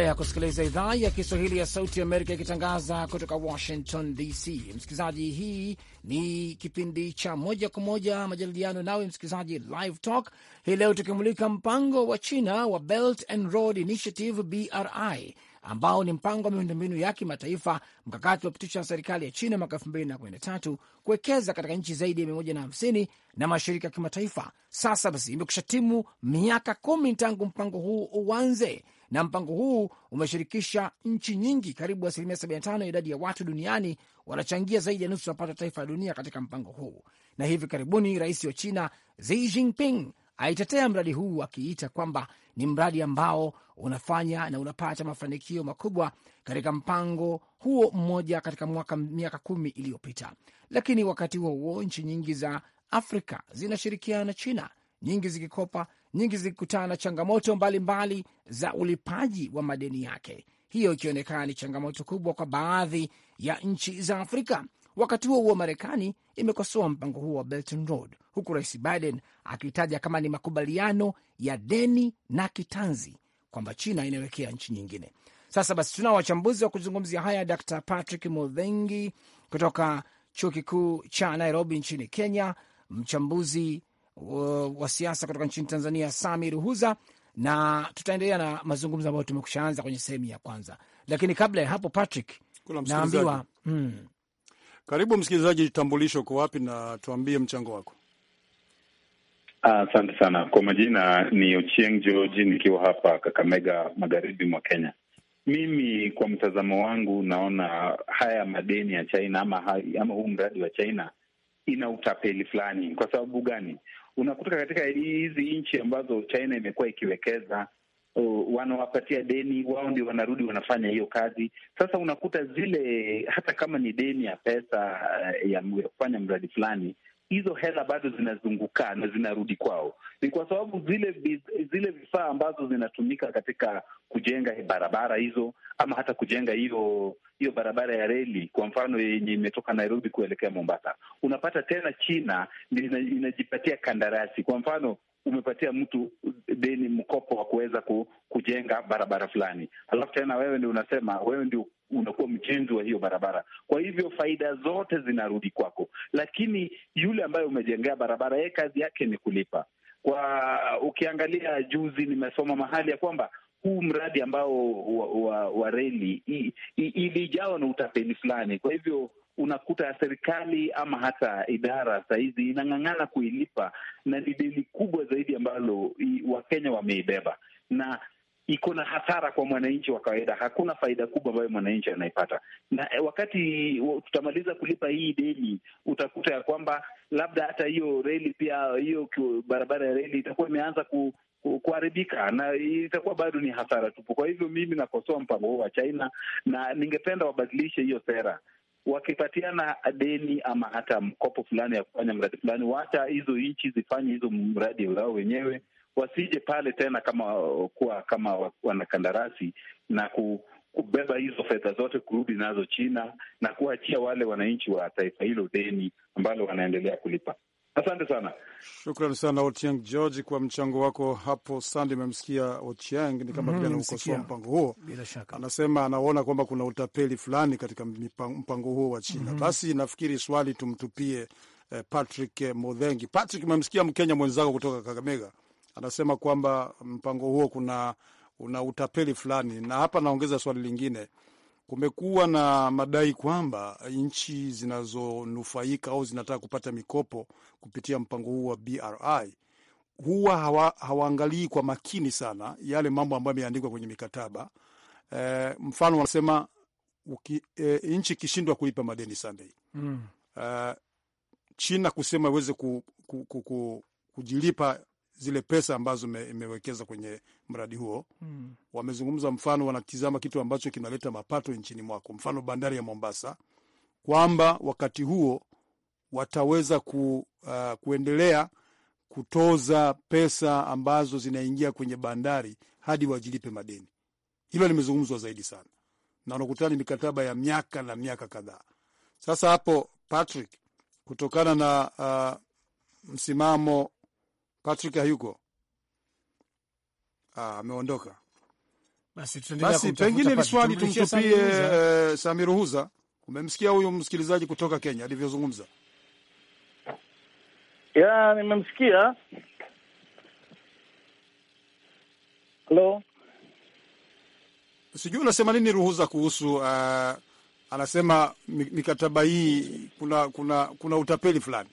Unaendelea kusikiliza idhaa ya Kiswahili ya Sauti ya Amerika ikitangaza kutoka Washington DC. Msikilizaji, hii ni kipindi cha moja kwa moja majadiliano nawe msikilizaji, Live Talk hii leo tukimulika mpango wa China wa Belt and Road Initiative, BRI, ambao ni mpango wa miundombinu ya kimataifa, mkakati uliopitishwa na serikali ya China mwaka 2013 kuwekeza katika nchi zaidi ya 150 na mashirika ya kimataifa. Sasa basi, imekusha timu miaka kumi tangu mpango huu uanze na mpango huu umeshirikisha nchi nyingi. Karibu asilimia 75 ya idadi ya watu duniani wanachangia zaidi ya nusu ya pato taifa la dunia katika mpango huu. Na hivi karibuni rais wa China Xi Jinping aitetea mradi huu akiita kwamba ni mradi ambao unafanya na unapata mafanikio makubwa katika mpango huo mmoja katika mwaka miaka kumi iliyopita. Lakini wakati huo huo nchi nyingi za Afrika zinashirikiana na China nyingi zikikopa, nyingi zikikutana na changamoto mbalimbali mbali za ulipaji wa madeni yake, hiyo ikionekana ni changamoto kubwa kwa baadhi ya nchi za Afrika. Wakati huo huo, Marekani imekosoa mpango huo wa Belt and Road, huku Rais Biden akitaja kama ni makubaliano ya deni na kitanzi kwamba China inawekea nchi nyingine. Sasa basi, tunao wachambuzi wa kuzungumzia haya, Dr Patrick Mudhengi kutoka chuo kikuu cha Nairobi nchini Kenya, mchambuzi wa siasa kutoka nchini Tanzania, Sami Ruhuza, na tutaendelea na mazungumzo ambayo tumekushaanza kwenye sehemu ya kwanza. Lakini kabla ya hapo, Patrick, naambiwa hmm. Karibu msikilizaji, jitambulisho, uko wapi na tuambie mchango wako. Asante ah, sana kwa majina ni Ochieng George, nikiwa hapa Kakamega, magharibi mwa Kenya. Mimi kwa mtazamo wangu naona haya madeni ya China ama, ama huu mradi wa China ina utapeli fulani. Kwa sababu gani? unakuta katika hizi nchi ambazo China imekuwa ikiwekeza wanawapatia deni wao, ndio wanarudi wanafanya hiyo kazi. Sasa unakuta zile, hata kama ni deni ya pesa eh, ya kufanya mradi fulani, hizo hela bado zinazunguka na zinarudi kwao. Ni kwa sababu zile zile vifaa ambazo zinatumika katika kujenga barabara hizo ama hata kujenga hiyo hiyo barabara ya reli kwa mfano yenye imetoka Nairobi kuelekea Mombasa, unapata tena China inajipatia kandarasi. Kwa mfano umepatia mtu deni mkopo wa kuweza kujenga barabara fulani, alafu tena wewe ndio unasema wewe ndio unakuwa mjenzi wa hiyo barabara. Kwa hivyo faida zote zinarudi kwako, lakini yule ambaye umejengea barabara, yeye kazi yake ni kulipa. Kwa ukiangalia juzi, nimesoma mahali ya kwamba huu mradi ambao wa, wa, wa reli ilijawa na utapeli fulani. Kwa hivyo unakuta serikali ama hata idara sahizi inang'ang'ana kuilipa, na ni deni kubwa zaidi ambalo Wakenya wameibeba na iko na hasara kwa mwananchi wa kawaida. Hakuna faida kubwa ambayo mwananchi anaipata, na eh, wakati tutamaliza kulipa hii deni, utakuta ya kwamba labda hata hiyo reli pia, hiyo barabara ya reli itakuwa imeanza kuharibika na itakuwa bado ni hasara tupu. Kwa hivyo mimi nakosoa mpango huu wa China na ningependa wabadilishe hiyo sera wakipatiana deni ama hata mkopo fulani ya kufanya mradi fulani, wacha hizo nchi zifanye hizo mradi wao wenyewe, wasije pale tena kama kuwa kama wanakandarasi na ku, kubeba hizo fedha zote kurudi nazo China na kuachia wale wananchi wa taifa hilo deni ambalo wanaendelea kulipa. Asante sana, shukran sana Ochieng George kwa mchango wako hapo. Sandi, memsikia Ochieng ni kama vile mm-hmm, anaukosoa mpango huo, anasema anaona kwamba kuna utapeli fulani katika mpango huo wa China. mm -hmm. Basi nafikiri swali tumtupie eh, Patrick eh, Modhengi. Patrick, memsikia Mkenya mwenzako kutoka Kakamega anasema kwamba mpango huo kuna una utapeli fulani, na hapa naongeza swali lingine kumekuwa na madai kwamba nchi zinazonufaika au zinataka kupata mikopo kupitia mpango huu wa BRI huwa hawa, hawaangalii kwa makini sana yale mambo ambayo yameandikwa kwenye mikataba e, mfano wanasema e, nchi ikishindwa kulipa madeni Sunday mm. e, China kusema iweze ku, ku, ku, ku, kujilipa zile pesa ambazo imewekeza kwenye mradi huo mm. Wamezungumza mfano, wanatizama kitu ambacho kinaleta mapato nchini mwako, mfano bandari ya Mombasa, kwamba wakati huo wataweza ku, uh, kuendelea kutoza pesa ambazo zinaingia kwenye bandari hadi wajilipe madeni. Hilo limezungumzwa zaidi sana na wanakutana mikataba ya miaka na miaka kadhaa. Sasa hapo Patrick, kutokana na uh, msimamo Patrick hayuko, ah, ameondoka. Basi, basi pengine ni swali tumtupie uh, eh, Sami Ruhuza. Umemsikia huyu msikilizaji kutoka Kenya alivyozungumza? Ya, nimemsikia. Halo, sijui unasema nini Ruhuza kuhusu uh, anasema mikataba hii kuna kuna kuna utapeli fulani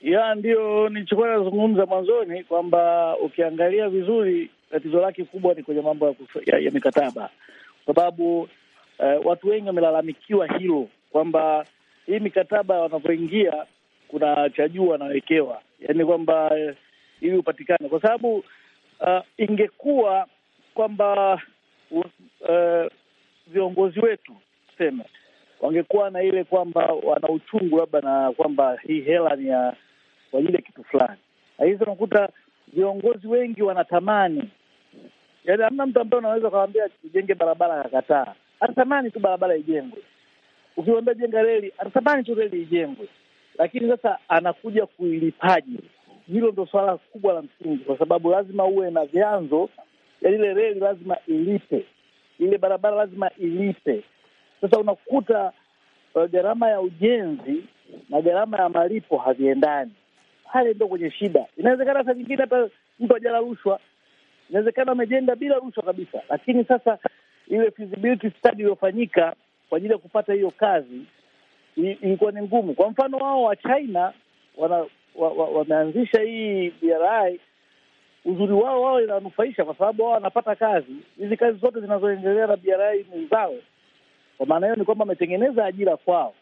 ya ndio nichukua nazungumza mwanzoni kwamba ukiangalia vizuri tatizo lake kubwa ni kwenye mambo ya, ya, ya mikataba kwa sababu eh, watu wengi wamelalamikiwa hilo kwamba hii mikataba wanavyoingia kuna chajua wanawekewa, yaani kwamba eh, ili upatikane, kwa sababu uh, ingekuwa kwamba uh, uh, viongozi wetu tuseme wangekuwa na ile kwamba wana uchungu labda na kwamba hii hela ni ya kwa ajili ya kitu fulani. Lakini unakuta viongozi wengi wanatamani, yaani hamna mtu ambaye unaweza ukawambia ujenge barabara akakataa. Anatamani tu barabara ijengwe, ukiwambia jenga reli anatamani tu reli ijengwe, lakini sasa anakuja kuilipaje? Hilo ndo swala kubwa la msingi, kwa sababu lazima uwe na vyanzo. Yani ile reli lazima ilipe, ile barabara lazima ilipe. Sasa unakuta uh, gharama ya ujenzi na gharama ya malipo haviendani pale ndo kwenye shida. Inawezekana sa nyingine hata mtu ajala rushwa, inawezekana amejenda bila rushwa kabisa, lakini sasa ile feasibility study iliyofanyika kwa ajili ya kupata hiyo kazi ilikuwa ni ngumu. Kwa mfano wao wa China wana, wa, wa, wameanzisha hii BRI. Uzuri wao wao inanufaisha kwa sababu wao wanapata kazi. Hizi kazi zote zinazoendelea na BRI ni zao. Kwa maana hiyo ni kwamba wametengeneza ajira kwao,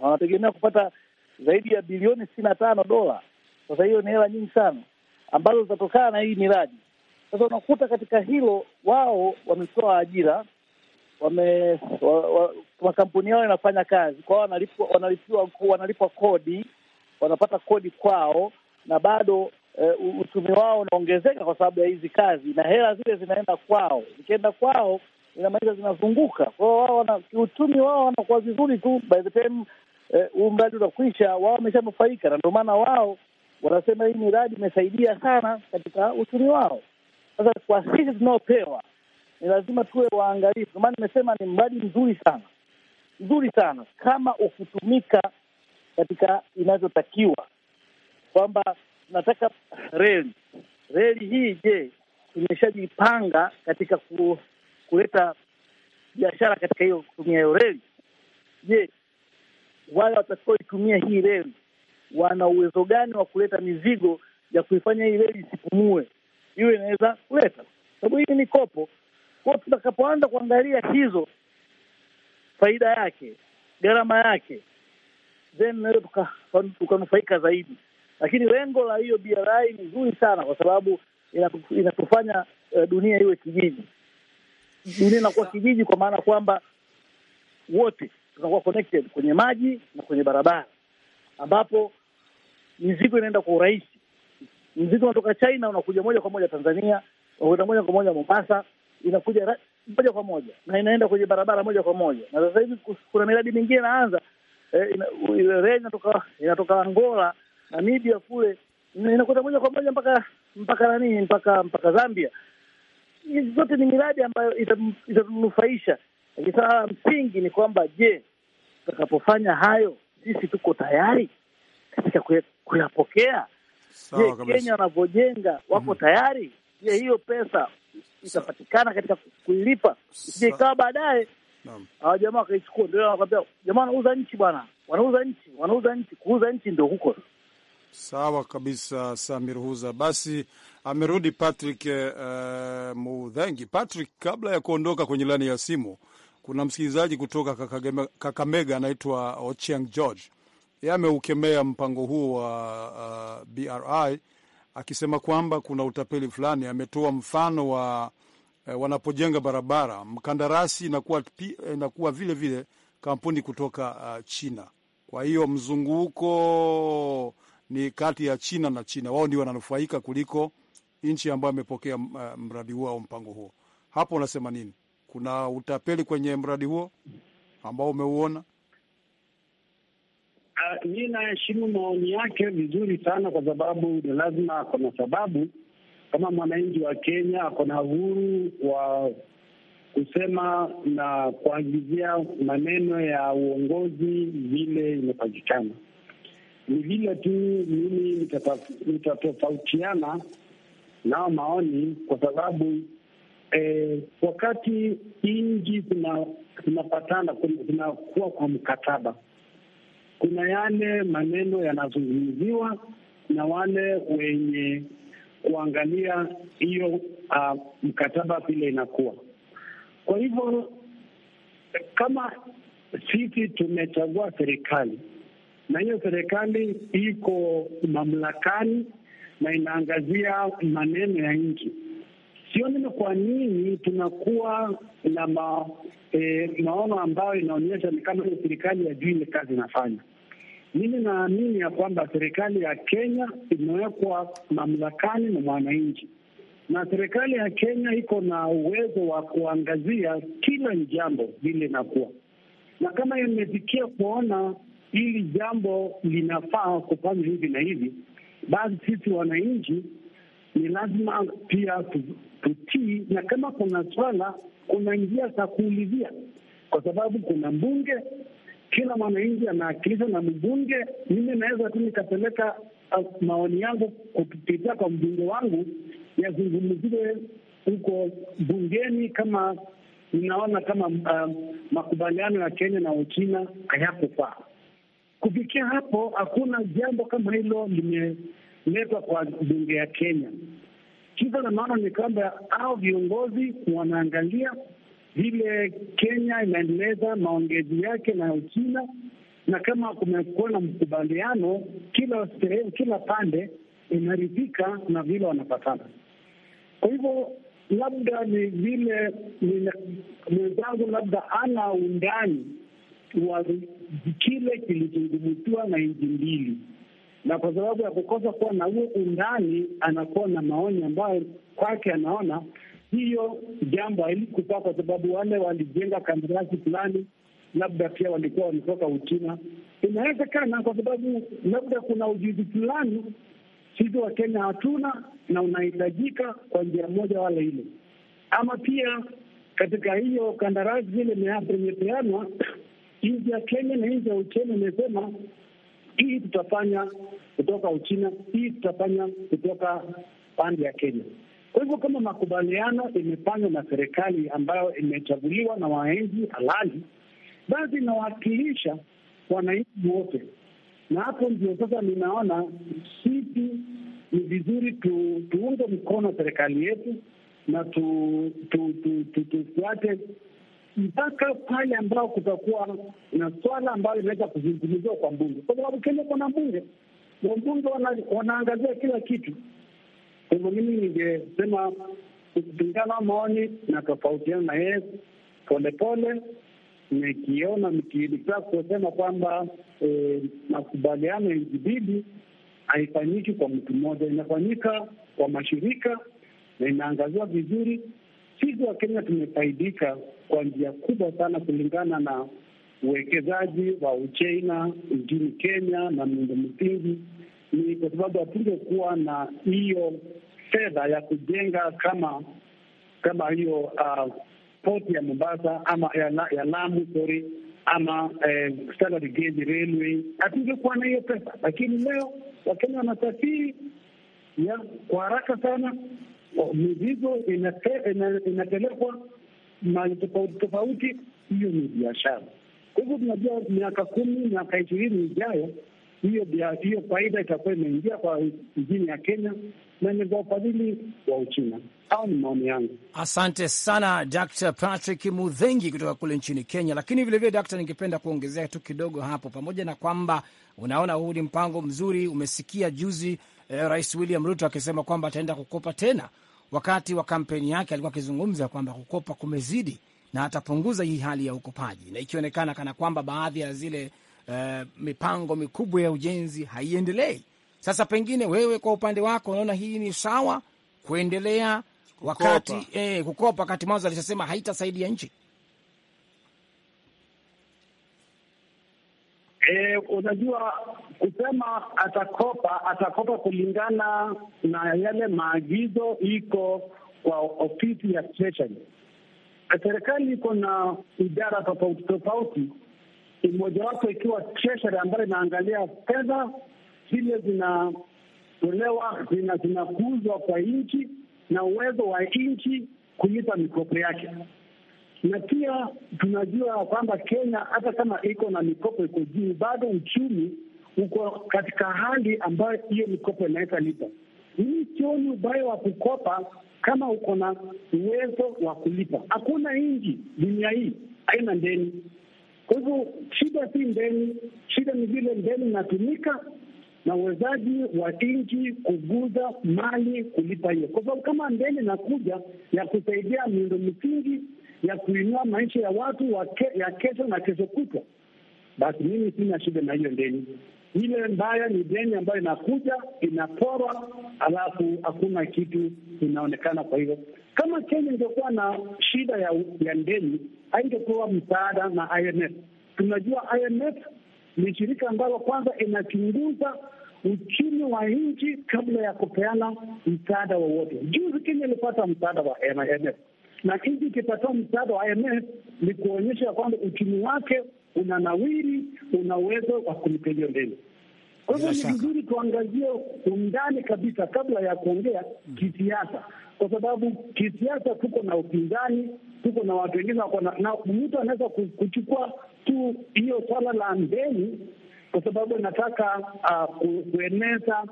wanategemea kupata zaidi ya bilioni sitini na tano dola sasa hiyo ni hela nyingi sana ambazo zitatokana na hii miradi. Sasa unakuta katika hilo wao wametoa ajira, wame wa, wa, makampuni yao yanafanya kazi kwao, wanalipwa wanalipwa wanalipwa kodi, wanapata kodi kwao, na bado e, uchumi wao unaongezeka kwa sababu ya hizi kazi, na hela zile zinaenda kwao. Zikienda kwao inamaanisha zinazunguka kwao, wao wana kiuchumi wao wanakuwa vizuri tu, by the time eh, huu mradi unakwisha, wao wameshanufaika, na ndio maana wao wanasema hii miradi imesaidia sana katika uchumi wao. Sasa kwa sisi tunaopewa ni lazima tuwe waangalifu. Ndio maana nimesema ni mradi mzuri sana, mzuri sana kama ukitumika katika inavyotakiwa, kwamba tunataka reli reli hii. Je, tumeshajipanga katika ku, kuleta biashara katika hiyo kutumia hiyo reli? Je, wale watakaoitumia hii reli wana uwezo gani wa kuleta mizigo ya kuifanya hii reli isipumue, hiyo inaweza kuleta sababu hii ni kopo kwao. Tutakapoanza kuangalia hizo faida yake, gharama yake, then naweza tukanufaika zaidi. Lakini lengo la hiyo BRI ni zuri sana, kwa sababu inatufanya uh, dunia iwe kijiji. Dunia inakuwa kijiji kwa maana kwamba wote tunakuwa connected kwenye maji na kwenye barabara, ambapo mizigo inaenda kwa urahisi. Mzigo unatoka China unakuja moja kwa moja Tanzania, unakuja moja kwa moja Mombasa, inakuja moja kwa moja na inaenda kwenye barabara moja kwa moja. Na sasa hivi kuna miradi mingine inaanza e, ina, reli inatoka inatoka Angola, Namibia kule inakwenda moja kwa moja mpaka mpaka nani mpaka mpaka Zambia. Hizi zote ni miradi ambayo itatunufaisha. Lakini sasa msingi ni kwamba je, tutakapofanya hayo sisi tuko tayari katika kuyapokea? Je, Kenya wanavyojenga wako mm -hmm. tayari? Je, hiyo pesa itapatikana katika kuilipa? Isije ikawa baadaye hawa jamaa wakaichukua, ndio wakaambia jamaa wanauza nchi bwana, wanauza nchi, wanauza nchi. Kuuza nchi ndio huko Sawa kabisa, Samir Huza. Basi amerudi Patrick uh, eh, eh, Mudhengi. Patrick, kabla ya kuondoka kwenye laini ya simu, kuna msikilizaji kutoka Kakamega anaitwa Ochiang George yameukemea mpango huo wa uh, BRI akisema kwamba kuna utapeli fulani. Ametoa mfano wa uh, wanapojenga barabara mkandarasi inakuwa, inakuwa eh, vile vile kampuni kutoka uh, China. Kwa hiyo mzunguko ni kati ya China na China, wao ndio wananufaika kuliko nchi ambayo amepokea uh, mradi huo au mpango huo. Hapo unasema nini? Kuna utapeli kwenye mradi huo ambao umeuona? Ah, mi naheshimu maoni yake vizuri sana, kwa sababu ni lazima ako na sababu. Kama mwananchi wa Kenya ako na uhuru wa kusema na kuagizia maneno ya uongozi vile imepatikana. Ni vile tu mimi nitatofautiana nao maoni, kwa sababu eh, wakati nchi zinapatana, zinakuwa kwa mkataba kuna yale maneno yanazungumziwa na wale wenye kuangalia hiyo uh, mkataba vile inakuwa. Kwa hivyo kama sisi tumechagua serikali na hiyo serikali iko mamlakani na inaangazia maneno ya nchi Sioni kwa nini tunakuwa na ma, e, maono ambayo inaonyesha ni kama hiyo serikali ya juu ile kazi inafanya. Mimi naamini ya kwamba serikali ya Kenya imewekwa mamlakani na mwananchi, na serikali ya Kenya iko na uwezo wa kuangazia kila jambo vile inakuwa, na kama imefikia kuona hili jambo linafaa kufanya hivi na hivi, basi sisi wananchi ni lazima pia tutii, na kama kuna swala, kuna njia za kuulizia, kwa sababu kuna mbunge, kila mwananchi anaakilishwa na mbunge. Mimi naweza tu nikapeleka uh, maoni yangu kupitia kwa mbunge wangu yazungumziwe huko bungeni, kama ninaona kama uh, makubaliano ya Kenya na Uchina hayakufaa. Kufikia hapo, hakuna jambo kama hilo lime kuletwa kwa bunge ya Kenya. Kisa na maana ni kwamba hao viongozi wanaangalia vile Kenya inaendeleza maongezi yake na Uchina, na kama kumekuwa na mkubaliano, kila sehemu, kila pande inaridhika na vile wanapatana. Kwa hivyo labda ni vile mwenzangu labda ana undani wa kile kilizungumziwa na nchi mbili na kwa sababu ya kukosa kuwa na huo undani, anakuwa na maoni ambayo kwake anaona hiyo jambo halikufaa, kwa sababu wale walijenga kandarasi fulani labda pia walikuwa wametoka Uchina. Inawezekana kwa sababu labda kuna ujuzi fulani sisi wakenya hatuna na unahitajika kwa njia moja wala ile, ama pia katika hiyo kandarasi ile imepeanwa, nchi ya Kenya na nchi ya Uchina imesema hii tutafanya kutoka Uchina, hii tutafanya kutoka pande ya Kenya. Kwa hivyo kama makubaliano imefanywa na serikali ambayo imechaguliwa na wananchi halali, basi inawakilisha wananchi wote, na hapo ndio sasa ninaona sisi ni vizuri tu, tuunge mkono serikali yetu na tufuate tu, tu, tu, tu, tu, mpaka pale ambao kutakuwa na swala ambayo inaweza kuzungumziwa kwa mbunge, kwa sababu Kenya kuna mbunge, wabunge wanaangazia kila kitu. Kwa hivyo mimi ningesema kupingana maoni na tofautiana na yeye polepole, nikiona mkielekea kusema kwamba e, makubaliano ya injibidi haifanyiki kwa mtu mmoja, inafanyika kwa mashirika na inaangaziwa vizuri sisi wa Kenya tumefaidika kwa njia kubwa sana kulingana na uwekezaji wa Uchina nchini Kenya na miundo msingi, ni kwa sababu hatungekuwa na hiyo fedha ya kujenga kama kama hiyo uh, poti ya Mombasa ama ya, ya Lamu sorry, ama eh, standard gauge railway, hatungekuwa na hiyo pesa. Lakini leo Wakenya wanasafiri ya kwa haraka sana mizigo inapelekwa mali tofauti tofauti, hiyo ni biashara. Kwa hivyo tunajua miaka kumi, miaka ishirini ijayo hiyo hiyo faida itakuwa imeingia kwa nchini ya Kenya na ni kwa ufadhili wa Uchina. Au ni maoni yangu. Asante sana Dr. Patrick Mudhengi kutoka kule nchini Kenya. Lakini vilevile Dr. ningependa kuongezea tu kidogo hapo, pamoja na kwamba unaona huu ni mpango mzuri, umesikia juzi eh, Rais William Ruto akisema kwamba ataenda kukopa tena. Wakati wa kampeni yake alikuwa akizungumza kwamba kukopa kumezidi na atapunguza hii hali ya ukopaji, na ikionekana kana kwamba baadhi ya zile eh, mipango mikubwa ya ujenzi haiendelei. Sasa pengine wewe kwa upande wako unaona hii ni sawa kuendelea e, kukopa, wakati eh, kukopa wakati mwanzo alishasema haitasaidia nchi? E, unajua kusema atakopa atakopa kulingana na yale maagizo iko kwa ofisi ya treasury. Serikali iko na idara tofauti tofauti, mmojawapo ikiwa treasury ambayo inaangalia fedha zile zinatolewa zinakuzwa kwa nchi na uwezo wa nchi kulipa mikopo yake na pia tunajua kwamba Kenya hata kama iko na mikopo iko juu, bado uchumi uko katika hali ambayo hiyo mikopo inaweza lipa. Mimi sioni ubaya wa kukopa kama uko na uwezo wa kulipa. Hakuna nchi dunia hii haina ndeni. Kwa hivyo shida si ndeni, shida ni vile ndeni inatumika na uwezaji wa nchi kuguza mali kulipa hiyo, kwa sababu kama ndeni inakuja ya kusaidia miundo misingi ya kuinua maisha ya watu wa ke, ya kesho na kesho kutwa, basi mimi sina shida na hiyo deni. Ile mbaya ni deni ambayo inakuja inaporwa, alafu hakuna kitu inaonekana. Kwa hivyo kama Kenya ingekuwa na shida ya, ya deni haingekuwa msaada na IMF. Tunajua IMF ni shirika ambalo kwanza inachunguza uchumi wa nchi kabla ya kupeana msaada wowote. Juzi Kenya ilipata msaada wa IMF na nchi ikipatiwa msaada wa IMF ni kuonyesha ya kwamba uchumi wake una nawiri, una uwezo wa kulipelea mbele. Kwa hivyo ni vizuri tuangazie undani kabisa kabla ya kuongea kisiasa, kwa sababu kisiasa tuko na upinzani, tuko na watu wengine wako na, mtu anaweza kuchukua tu hiyo swala la ndeni kwa sababu anataka uh, kueneza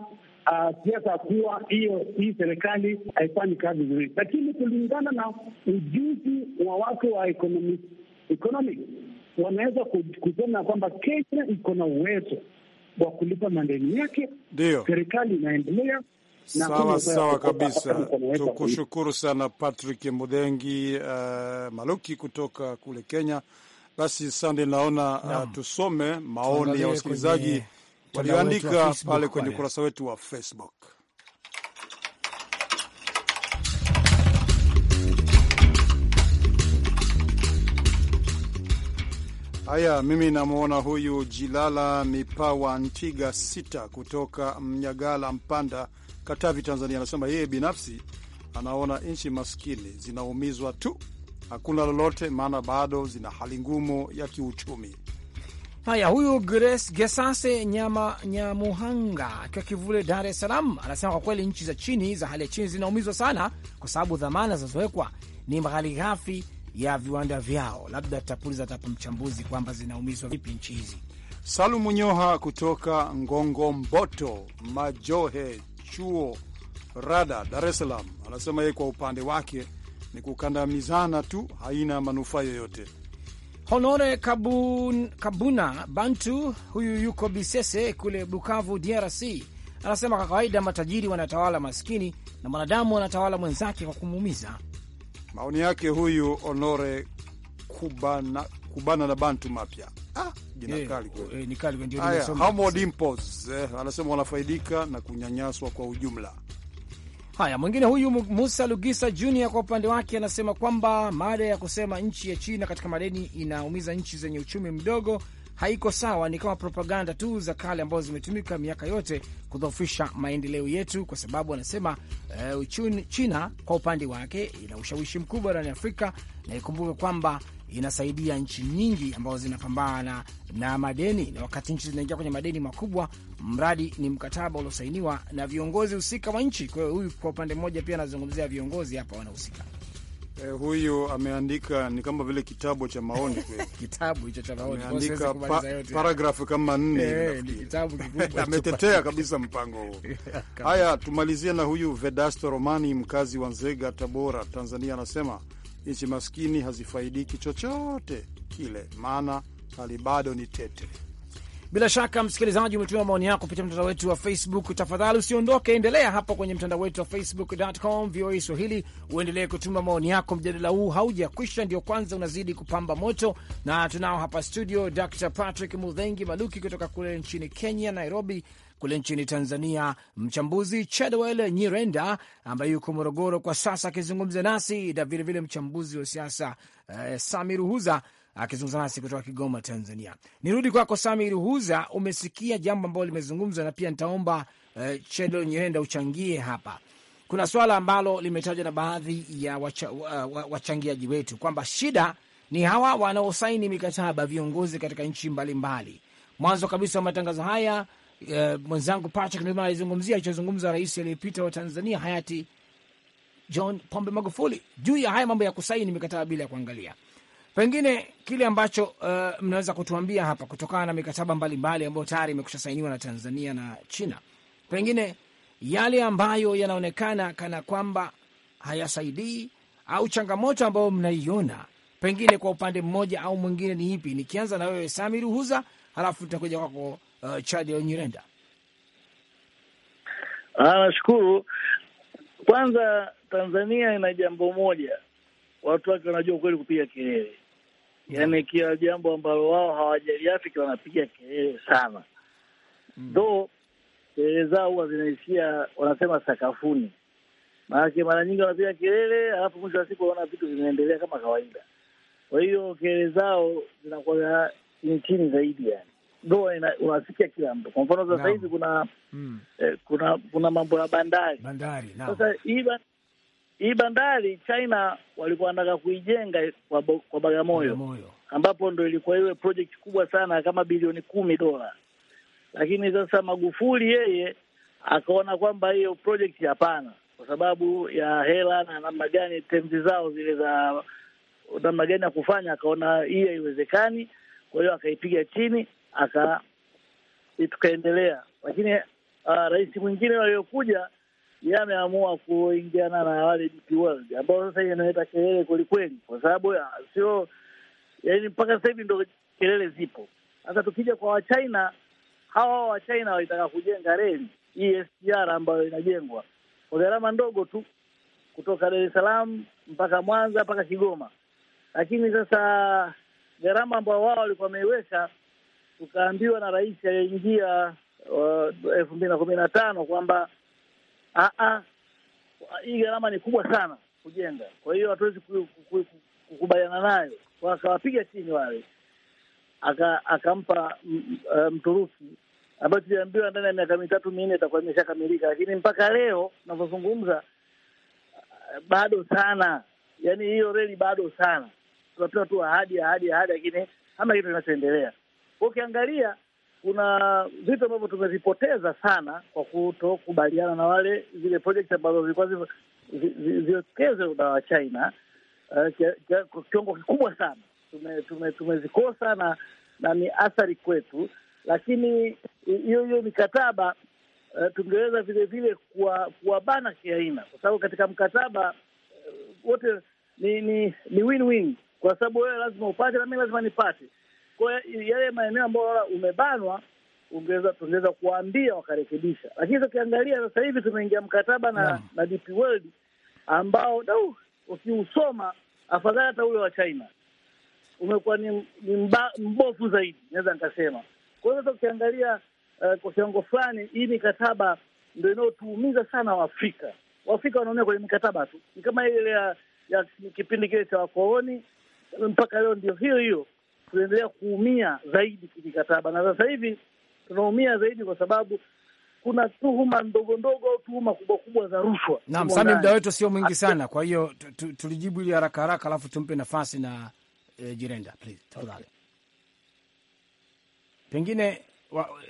Ah, pia kwa kuwa hiyo hii serikali haifanyi kazi vizuri, lakini kulingana na ujuzi wa watu wa economic economic wanaweza kusema kwamba Kenya iko na uwezo wa kulipa madeni yake. Ndio serikali inaendelea. Sawa sawa kabisa, tukushukuru sana Patrick Mudengi uh, Maluki kutoka kule Kenya. Basi sande, naona uh, tusome maoni ya wasikilizaji kwenye Tuliandika pale kwenye ukurasa wetu wa Facebook. Haya, mimi namwona huyu Jilala Mipawa Ntiga sita kutoka Mnyagala, Mpanda, Katavi, Tanzania. Anasema yeye binafsi anaona nchi maskini zinaumizwa tu, hakuna lolote, maana bado zina hali ngumu ya kiuchumi. Haya, huyu Grace Gesase Nyama Nyamuhanga akiwa Kivule, Dar es Salaam, anasema kwa kweli nchi za chini za hali ya chini zinaumizwa sana, kwa sababu dhamana zinazowekwa ni mahali ghafi ya viwanda vyao. Labda tutapuliza tapa mchambuzi kwamba zinaumizwa vipi nchi hizi. Salumu Nyoha kutoka Ngongo Mboto, Majohe chuo rada, Dar es Salaam, anasema yeye kwa upande wake ni kukandamizana tu, haina manufaa yoyote. Honore Kabun, Kabuna Bantu huyu yuko Bisese kule Bukavu, DRC, anasema kwa kawaida matajiri wanatawala maskini na mwanadamu wanatawala mwenzake kwa kumuumiza. Maoni yake huyu Honore Kubana, Kubana na Bantu mapya ah, eh, eh, eh, anasema wanafaidika na kunyanyaswa kwa ujumla. Haya, mwingine huyu Musa Lugisa Junior kwa upande wake anasema kwamba mada ya kusema nchi ya China katika madeni inaumiza nchi zenye uchumi mdogo haiko sawa, ni kama propaganda tu za kale ambazo zimetumika miaka yote kudhoofisha maendeleo yetu, kwa sababu anasema uh, China kwa upande wake ina ushawishi mkubwa barani Afrika na ikumbuke kwamba inasaidia nchi nyingi ambazo zinapambana na madeni, na wakati nchi zinaingia kwenye madeni makubwa, mradi ni mkataba uliosainiwa na viongozi husika wa nchi. Kwa hiyo huyu kwa upande mmoja pia anazungumzia viongozi hapa wanahusika. Eh, huyu ameandika ni kama vile kitabu cha maoni (laughs) kitabu hicho cha maoni ameandika pa, paragrafu kama nne eh, (laughs) ametetea kabisa mpango huu. (laughs) haya, tumalizie na huyu Vedasto Romani, mkazi wa Nzega, Tabora, Tanzania, anasema nchi maskini hazifaidiki chochote kile, maana hali bado ni tete. Bila shaka msikilizaji, umetuma maoni yako kupitia mtandao wetu wa Facebook. Tafadhali usiondoke, endelea hapo kwenye mtandao wetu wa facebook.com VOA Swahili, uendelee kutuma maoni yako. Mjadala huu haujakwisha, ndio kwanza unazidi kupamba moto, na tunao hapa studio Dr Patrick Mudhengi Maluki kutoka kule nchini Kenya, Nairobi, kule nchini Tanzania, mchambuzi Chadwell Nyirenda ambaye yuko Morogoro kwa sasa akizungumza nasi na vilevile mchambuzi wa siasa eh, Sami Ruhuza akizungumza nasi kutoka Kigoma, Tanzania. Nirudi kwako Sami Ruhuza, umesikia jambo ambalo limezungumzwa na pia nitaomba eh, Chadwell Nyirenda uchangie hapa. Kuna swala ambalo limetajwa na baadhi ya wacha, wachangiaji wetu kwamba shida ni hawa wanaosaini mikataba viongozi katika nchi mbalimbali. Mwanzo kabisa wa matangazo haya Eh, mwenzangu Patrick Ndima alizungumzia alichozungumza rais aliyepita wa Tanzania hayati John Pombe Magufuli juu ya haya mambo ya kusaini mikataba bila ya kuangalia pengine kile ambacho uh, mnaweza kutuambia hapa kutokana na mikataba mbalimbali ambayo tayari imekusha sainiwa na Tanzania na China, pengine yale ambayo yanaonekana kana kwamba hayasaidii au changamoto ambayo mnaiona pengine kwa upande mmoja au mwingine ni ipi? Nikianza na wewe Sami Ruhuza, halafu tutakuja kwako uh, Chadi Onyirenda? Ah, nashukuru. Kwanza, Tanzania ina jambo moja, watu wake wanajua ukweli kupiga kelele, yaani kila jambo ambalo wao hawajaliafiki wanapiga kelele sana Do mm. kelele zao huwa zinaishia, wanasema sakafuni. Maanake mara nyingi wanapiga kelele, alafu mwisho wa siku wanaona vitu vinaendelea kama kawaida. Kwa hiyo kelele zao zinakuwa chini chini zaidi, yani doa unasikia kila mtu. Kwa mfano sasa hivi kuna hmm. eh, kuna kuna mambo ya bandari bandari. Sasa hii bandari China walikuwa wanataka kuijenga kwa, kwa Bagamoyo, Bagamoyo ambapo ndo ilikuwa iwe project kubwa sana kama bilioni kumi dola, lakini sasa Magufuli yeye akaona kwamba hiyo project hapana, kwa sababu ya hela na namna gani terms zao zile za namna gani ya kufanya, akaona hii haiwezekani. Kwa hiyo akaipiga chini aka tukaendelea, lakini uh, rais mwingine waliokuja ye ameamua kuingiana na wale DP World ambao sasa inaleta kelele kwelikweli, kwa sababu sio yani, mpaka sasa hivi ndo kelele zipo. Sasa tukija kwa Wachina, hawa Wachina walitaka kujenga reli hii e SGR ambayo inajengwa kwa gharama ndogo tu kutoka Dar es Salaam mpaka Mwanza mpaka Kigoma, lakini sasa gharama ambayo wao walikuwa wameiweka tukaambiwa na rais aliyeingia elfu mbili na kumi na tano kwamba ah, ah, hii gharama ni kubwa sana kujenga, kwa hiyo hatuwezi kukubaliana nayo. Akawapiga chini wale, akampa eh, Mturuki ambayo tuliambiwa ndani ya miaka mitatu minne itakuwa imeshakamilika, lakini mpaka leo navyozungumza bado sana, yaani hiyo reli bado sana. Tunapewa tu ahadi ahadi ahadi, lakini hamna kitu kinachoendelea. Ukiangalia kuna vitu ambavyo tumevipoteza sana kwa kutokubaliana na wale zile project ambazo zilikuwa ziwekezwe na Wachina eh, kwa kiwango kikubwa sana tumezikosa, tume, tume na, na ni athari kwetu, lakini hiyo hiyo mikataba uh, tungeweza vile vile kuwabana kiaina, kwa sababu katika mkataba uh, wote ni ni ni win-win, kwa sababu wewe lazima upate na mimi lazima nipate kwa yale maeneo ambayo umebanwa ungeweza tungeweza kuwaambia wakarekebisha, lakini ukiangalia sasa hivi tumeingia mkataba na yeah. na DP World ambao dau ukiusoma afadhali hata ule wa China umekuwa ni, ni mba, mbofu zaidi naweza nikasema. Kwa hiyo sasa ukiangalia uh, kwa kiwango fulani hii mikataba ndo inayotuumiza sana Waafrika. Waafrika wanaonea kwenye mikataba tu, ni kama ile ya, ya kipindi kile cha wakoloni mpaka leo ndio hiyo hiyo tunaendelea kuumia zaidi kimikataba, na sasa hivi tunaumia zaidi kwa sababu kuna tuhuma ndogo ndogo au tuhuma kubwa kubwa za rushwa. Naam, Sami, muda wetu sio mwingi ah, sana, kwa hiyo tulijibu ili haraka haraka, alafu tumpe nafasi na eh, Jirenda, please tafadhali. Pengine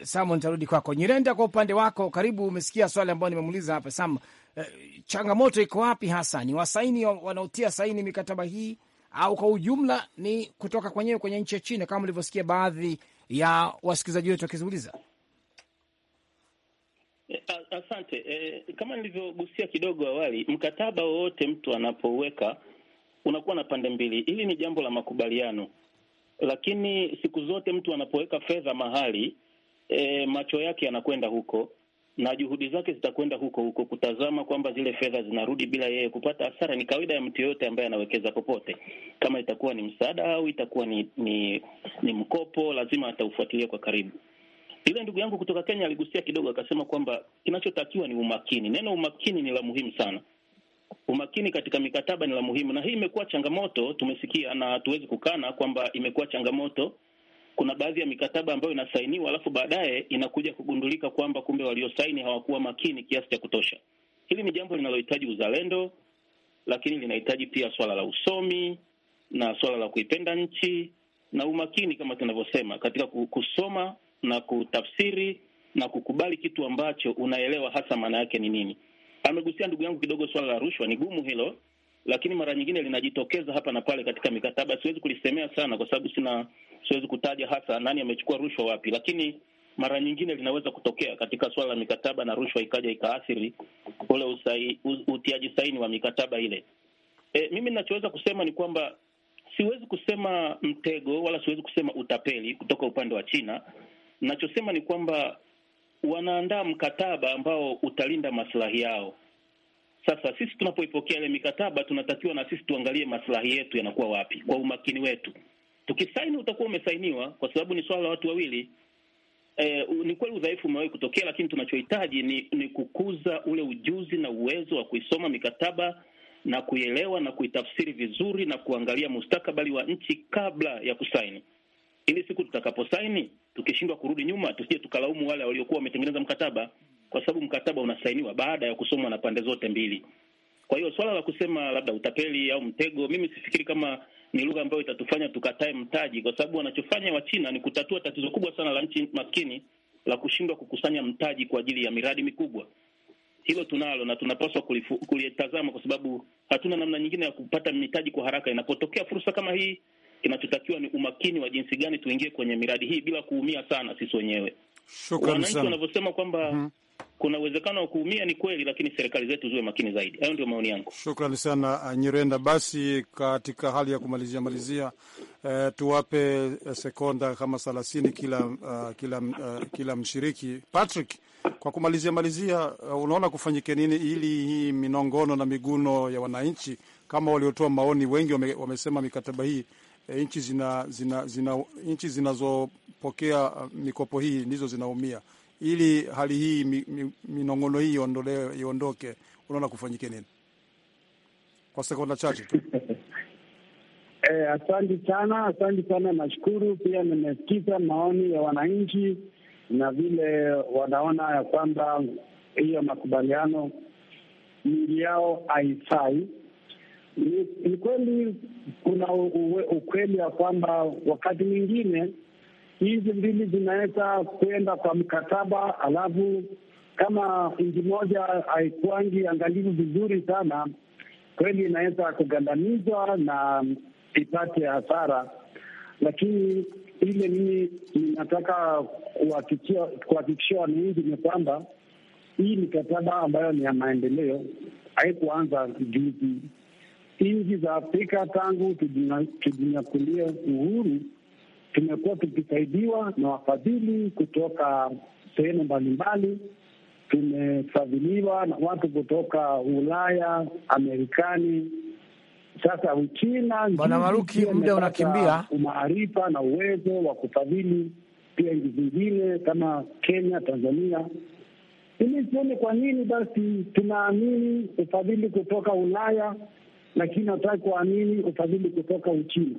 Sam, nitarudi kwako Nyirenda. Kwa upande wako, karibu. Umesikia swali ambayo nimemuuliza hapa Sam, e, changamoto iko wapi hasa? Ni wasaini wanaotia saini mikataba hii au kwa ujumla ni kutoka kwenyewe kwenye nchi ya China, kama mlivyosikia baadhi ya wasikilizaji wetu wakizuuliza? Eh, asante. E, kama nilivyogusia kidogo awali, mkataba wowote mtu anapoweka unakuwa na pande mbili. Hili ni jambo la makubaliano, lakini siku zote mtu anapoweka fedha mahali, e, macho yake yanakwenda huko na juhudi zake zitakwenda huko huko kutazama kwamba zile fedha zinarudi bila yeye kupata hasara. Ni kawaida ya mtu yoyote ambaye anawekeza popote, kama itakuwa ni msaada au itakuwa ni ni, ni mkopo, lazima ataufuatilia kwa karibu. ile ndugu yangu kutoka Kenya aligusia kidogo, akasema kwamba kinachotakiwa ni umakini. Neno umakini ni la muhimu sana. Umakini katika mikataba ni la muhimu, na hii imekuwa changamoto. Tumesikia na hatuwezi kukana kwamba imekuwa changamoto kuna baadhi ya mikataba ambayo inasainiwa alafu baadaye inakuja kugundulika kwamba kumbe waliosaini hawakuwa makini kiasi cha kutosha. Hili ni jambo linalohitaji uzalendo, lakini linahitaji pia swala la usomi na swala la kuipenda nchi na umakini, kama tunavyosema, katika kusoma na kutafsiri na kukubali kitu ambacho unaelewa hasa maana yake ni nini. Amegusia ndugu yangu kidogo swala la rushwa, ni gumu hilo, lakini mara nyingine linajitokeza hapa na pale katika mikataba. Siwezi kulisemea sana kwa sababu sina siwezi kutaja hasa nani amechukua rushwa wapi, lakini mara nyingine linaweza kutokea katika suala la mikataba na rushwa ikaja ikaathiri ule usai, utiaji saini wa mikataba ile. E, mimi ninachoweza kusema ni kwamba siwezi kusema mtego wala siwezi kusema utapeli kutoka upande wa China. Nachosema ni kwamba wanaandaa mkataba ambao utalinda maslahi yao. Sasa sisi tunapoipokea ile mikataba, tunatakiwa na sisi tuangalie maslahi yetu yanakuwa wapi kwa umakini wetu tukisaini utakuwa umesainiwa, kwa sababu ni swala la watu wawili. E, ni kweli udhaifu umewahi kutokea, lakini tunachohitaji ni, ni kukuza ule ujuzi na uwezo wa kuisoma mikataba na kuielewa na kuitafsiri vizuri na kuangalia mustakabali wa nchi kabla ya kusaini, ili siku tutakaposaini tukishindwa kurudi nyuma, tusije tukalaumu wale waliokuwa wametengeneza mkataba, kwa sababu mkataba unasainiwa baada ya kusomwa na pande zote mbili. Kwa hiyo swala la kusema labda utapeli au mtego, mimi sifikiri kama ni lugha ambayo itatufanya tukatae mtaji, kwa sababu wanachofanya Wachina ni kutatua tatizo kubwa sana la nchi maskini la kushindwa kukusanya mtaji kwa ajili ya miradi mikubwa. Hilo tunalo na tunapaswa kulitazama, kwa sababu hatuna namna nyingine ya kupata mitaji kwa haraka. Inapotokea fursa kama hii, kinachotakiwa ni umakini wa jinsi gani tuingie kwenye miradi hii bila kuumia sana sisi wenyewe. Wananchi wanavyosema kwamba mm -hmm kuna uwezekano wa kuumia, ni kweli, lakini serikali zetu ziwe makini zaidi. Hayo ndio maoni yangu. Shukrani sana uh, Nyirenda. Basi katika hali ya kumalizia malizia, eh, tuwape uh, sekonda kama thelathini kila, uh, kila, uh, kila mshiriki. Patrick, kwa kumalizia malizia, uh, unaona kufanyike nini ili hii minongono na miguno ya wananchi kama waliotoa maoni wengi wame, wamesema mikataba hii eh, nchi zinazopokea zina, zina, zina, uh, mikopo hii ndizo zinaumia ili hali hii minongono hii iondolewe, iondoke, unaona kufanyike nini? Kwa sekonda chache tu. (laughs) Eh, asanti sana, asanti sana. Nashukuru pia, nimesikiza maoni ya wananchi na vile wanaona ya kwamba hiyo makubaliano mingi yao haifai. Ni, kweli kuna ukweli wa kwamba wakati mwingine hizi mbili zinaweza kwenda kwa mkataba, alafu kama nchi moja haikwangi angalivu vizuri sana, kweli inaweza kugandamizwa na ipate hasara. Lakini ile mimi ninataka kuhakikishia wananchi ni kwamba hii mikataba ambayo ni ya maendeleo haikuanza juzi. Nchi za Afrika tangu tujinyakulie uhuru tumekuwa tukisaidiwa na wafadhili kutoka sehemu mbalimbali. Tumefadhiliwa na watu kutoka Ulaya, Amerikani, sasa Uchina. Bwana Maruki, muda unakimbia. Umaarifa na uwezo wa kufadhili pia nchi zingine kama Kenya, Tanzania. Ili sioni kwa nini basi tunaamini ufadhili kutoka Ulaya, lakini hatutaki kuamini ufadhili kutoka Uchina.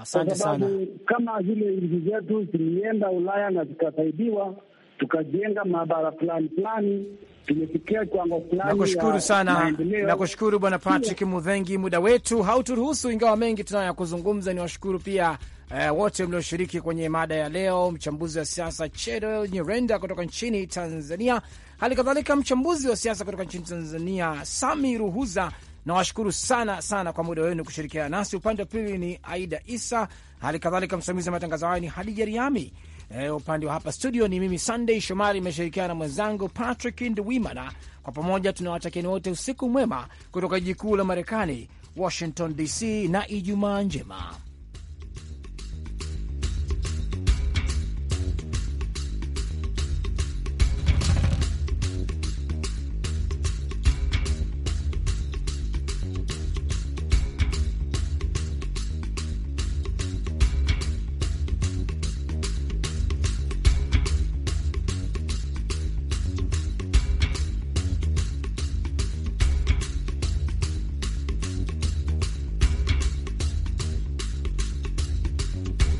Asante sana. Kama zile nchi zetu zilienda Ulaya na zikasaidiwa, tukajenga maabara fulani fulani, tumefikia kiwango fulani. Nakushukuru sana, nakushukuru Bwana Patrick Mudhengi, muda wetu hauturuhusu, ingawa mengi tunayo ya kuzungumza. Ni washukuru pia Uh, wote mlioshiriki kwenye mada ya leo, mchambuzi wa siasa Chedo Nyirenda kutoka nchini Tanzania, hali kadhalika mchambuzi wa siasa kutoka nchini Tanzania Sami Ruhuza Nawashukuru sana sana kwa muda wenu kushirikiana nasi. Upande wa pili ni Aida Isa, hali kadhalika msimamizi wa matangazo hayo ni Hadija Riami. E, upande wa hapa studio ni mimi Sunday Shomari, imeshirikiana na mwenzangu Patrick Ndwimana. Kwa pamoja tunawatakieni wote usiku mwema kutoka jiji kuu la Marekani, Washington DC, na Ijumaa njema.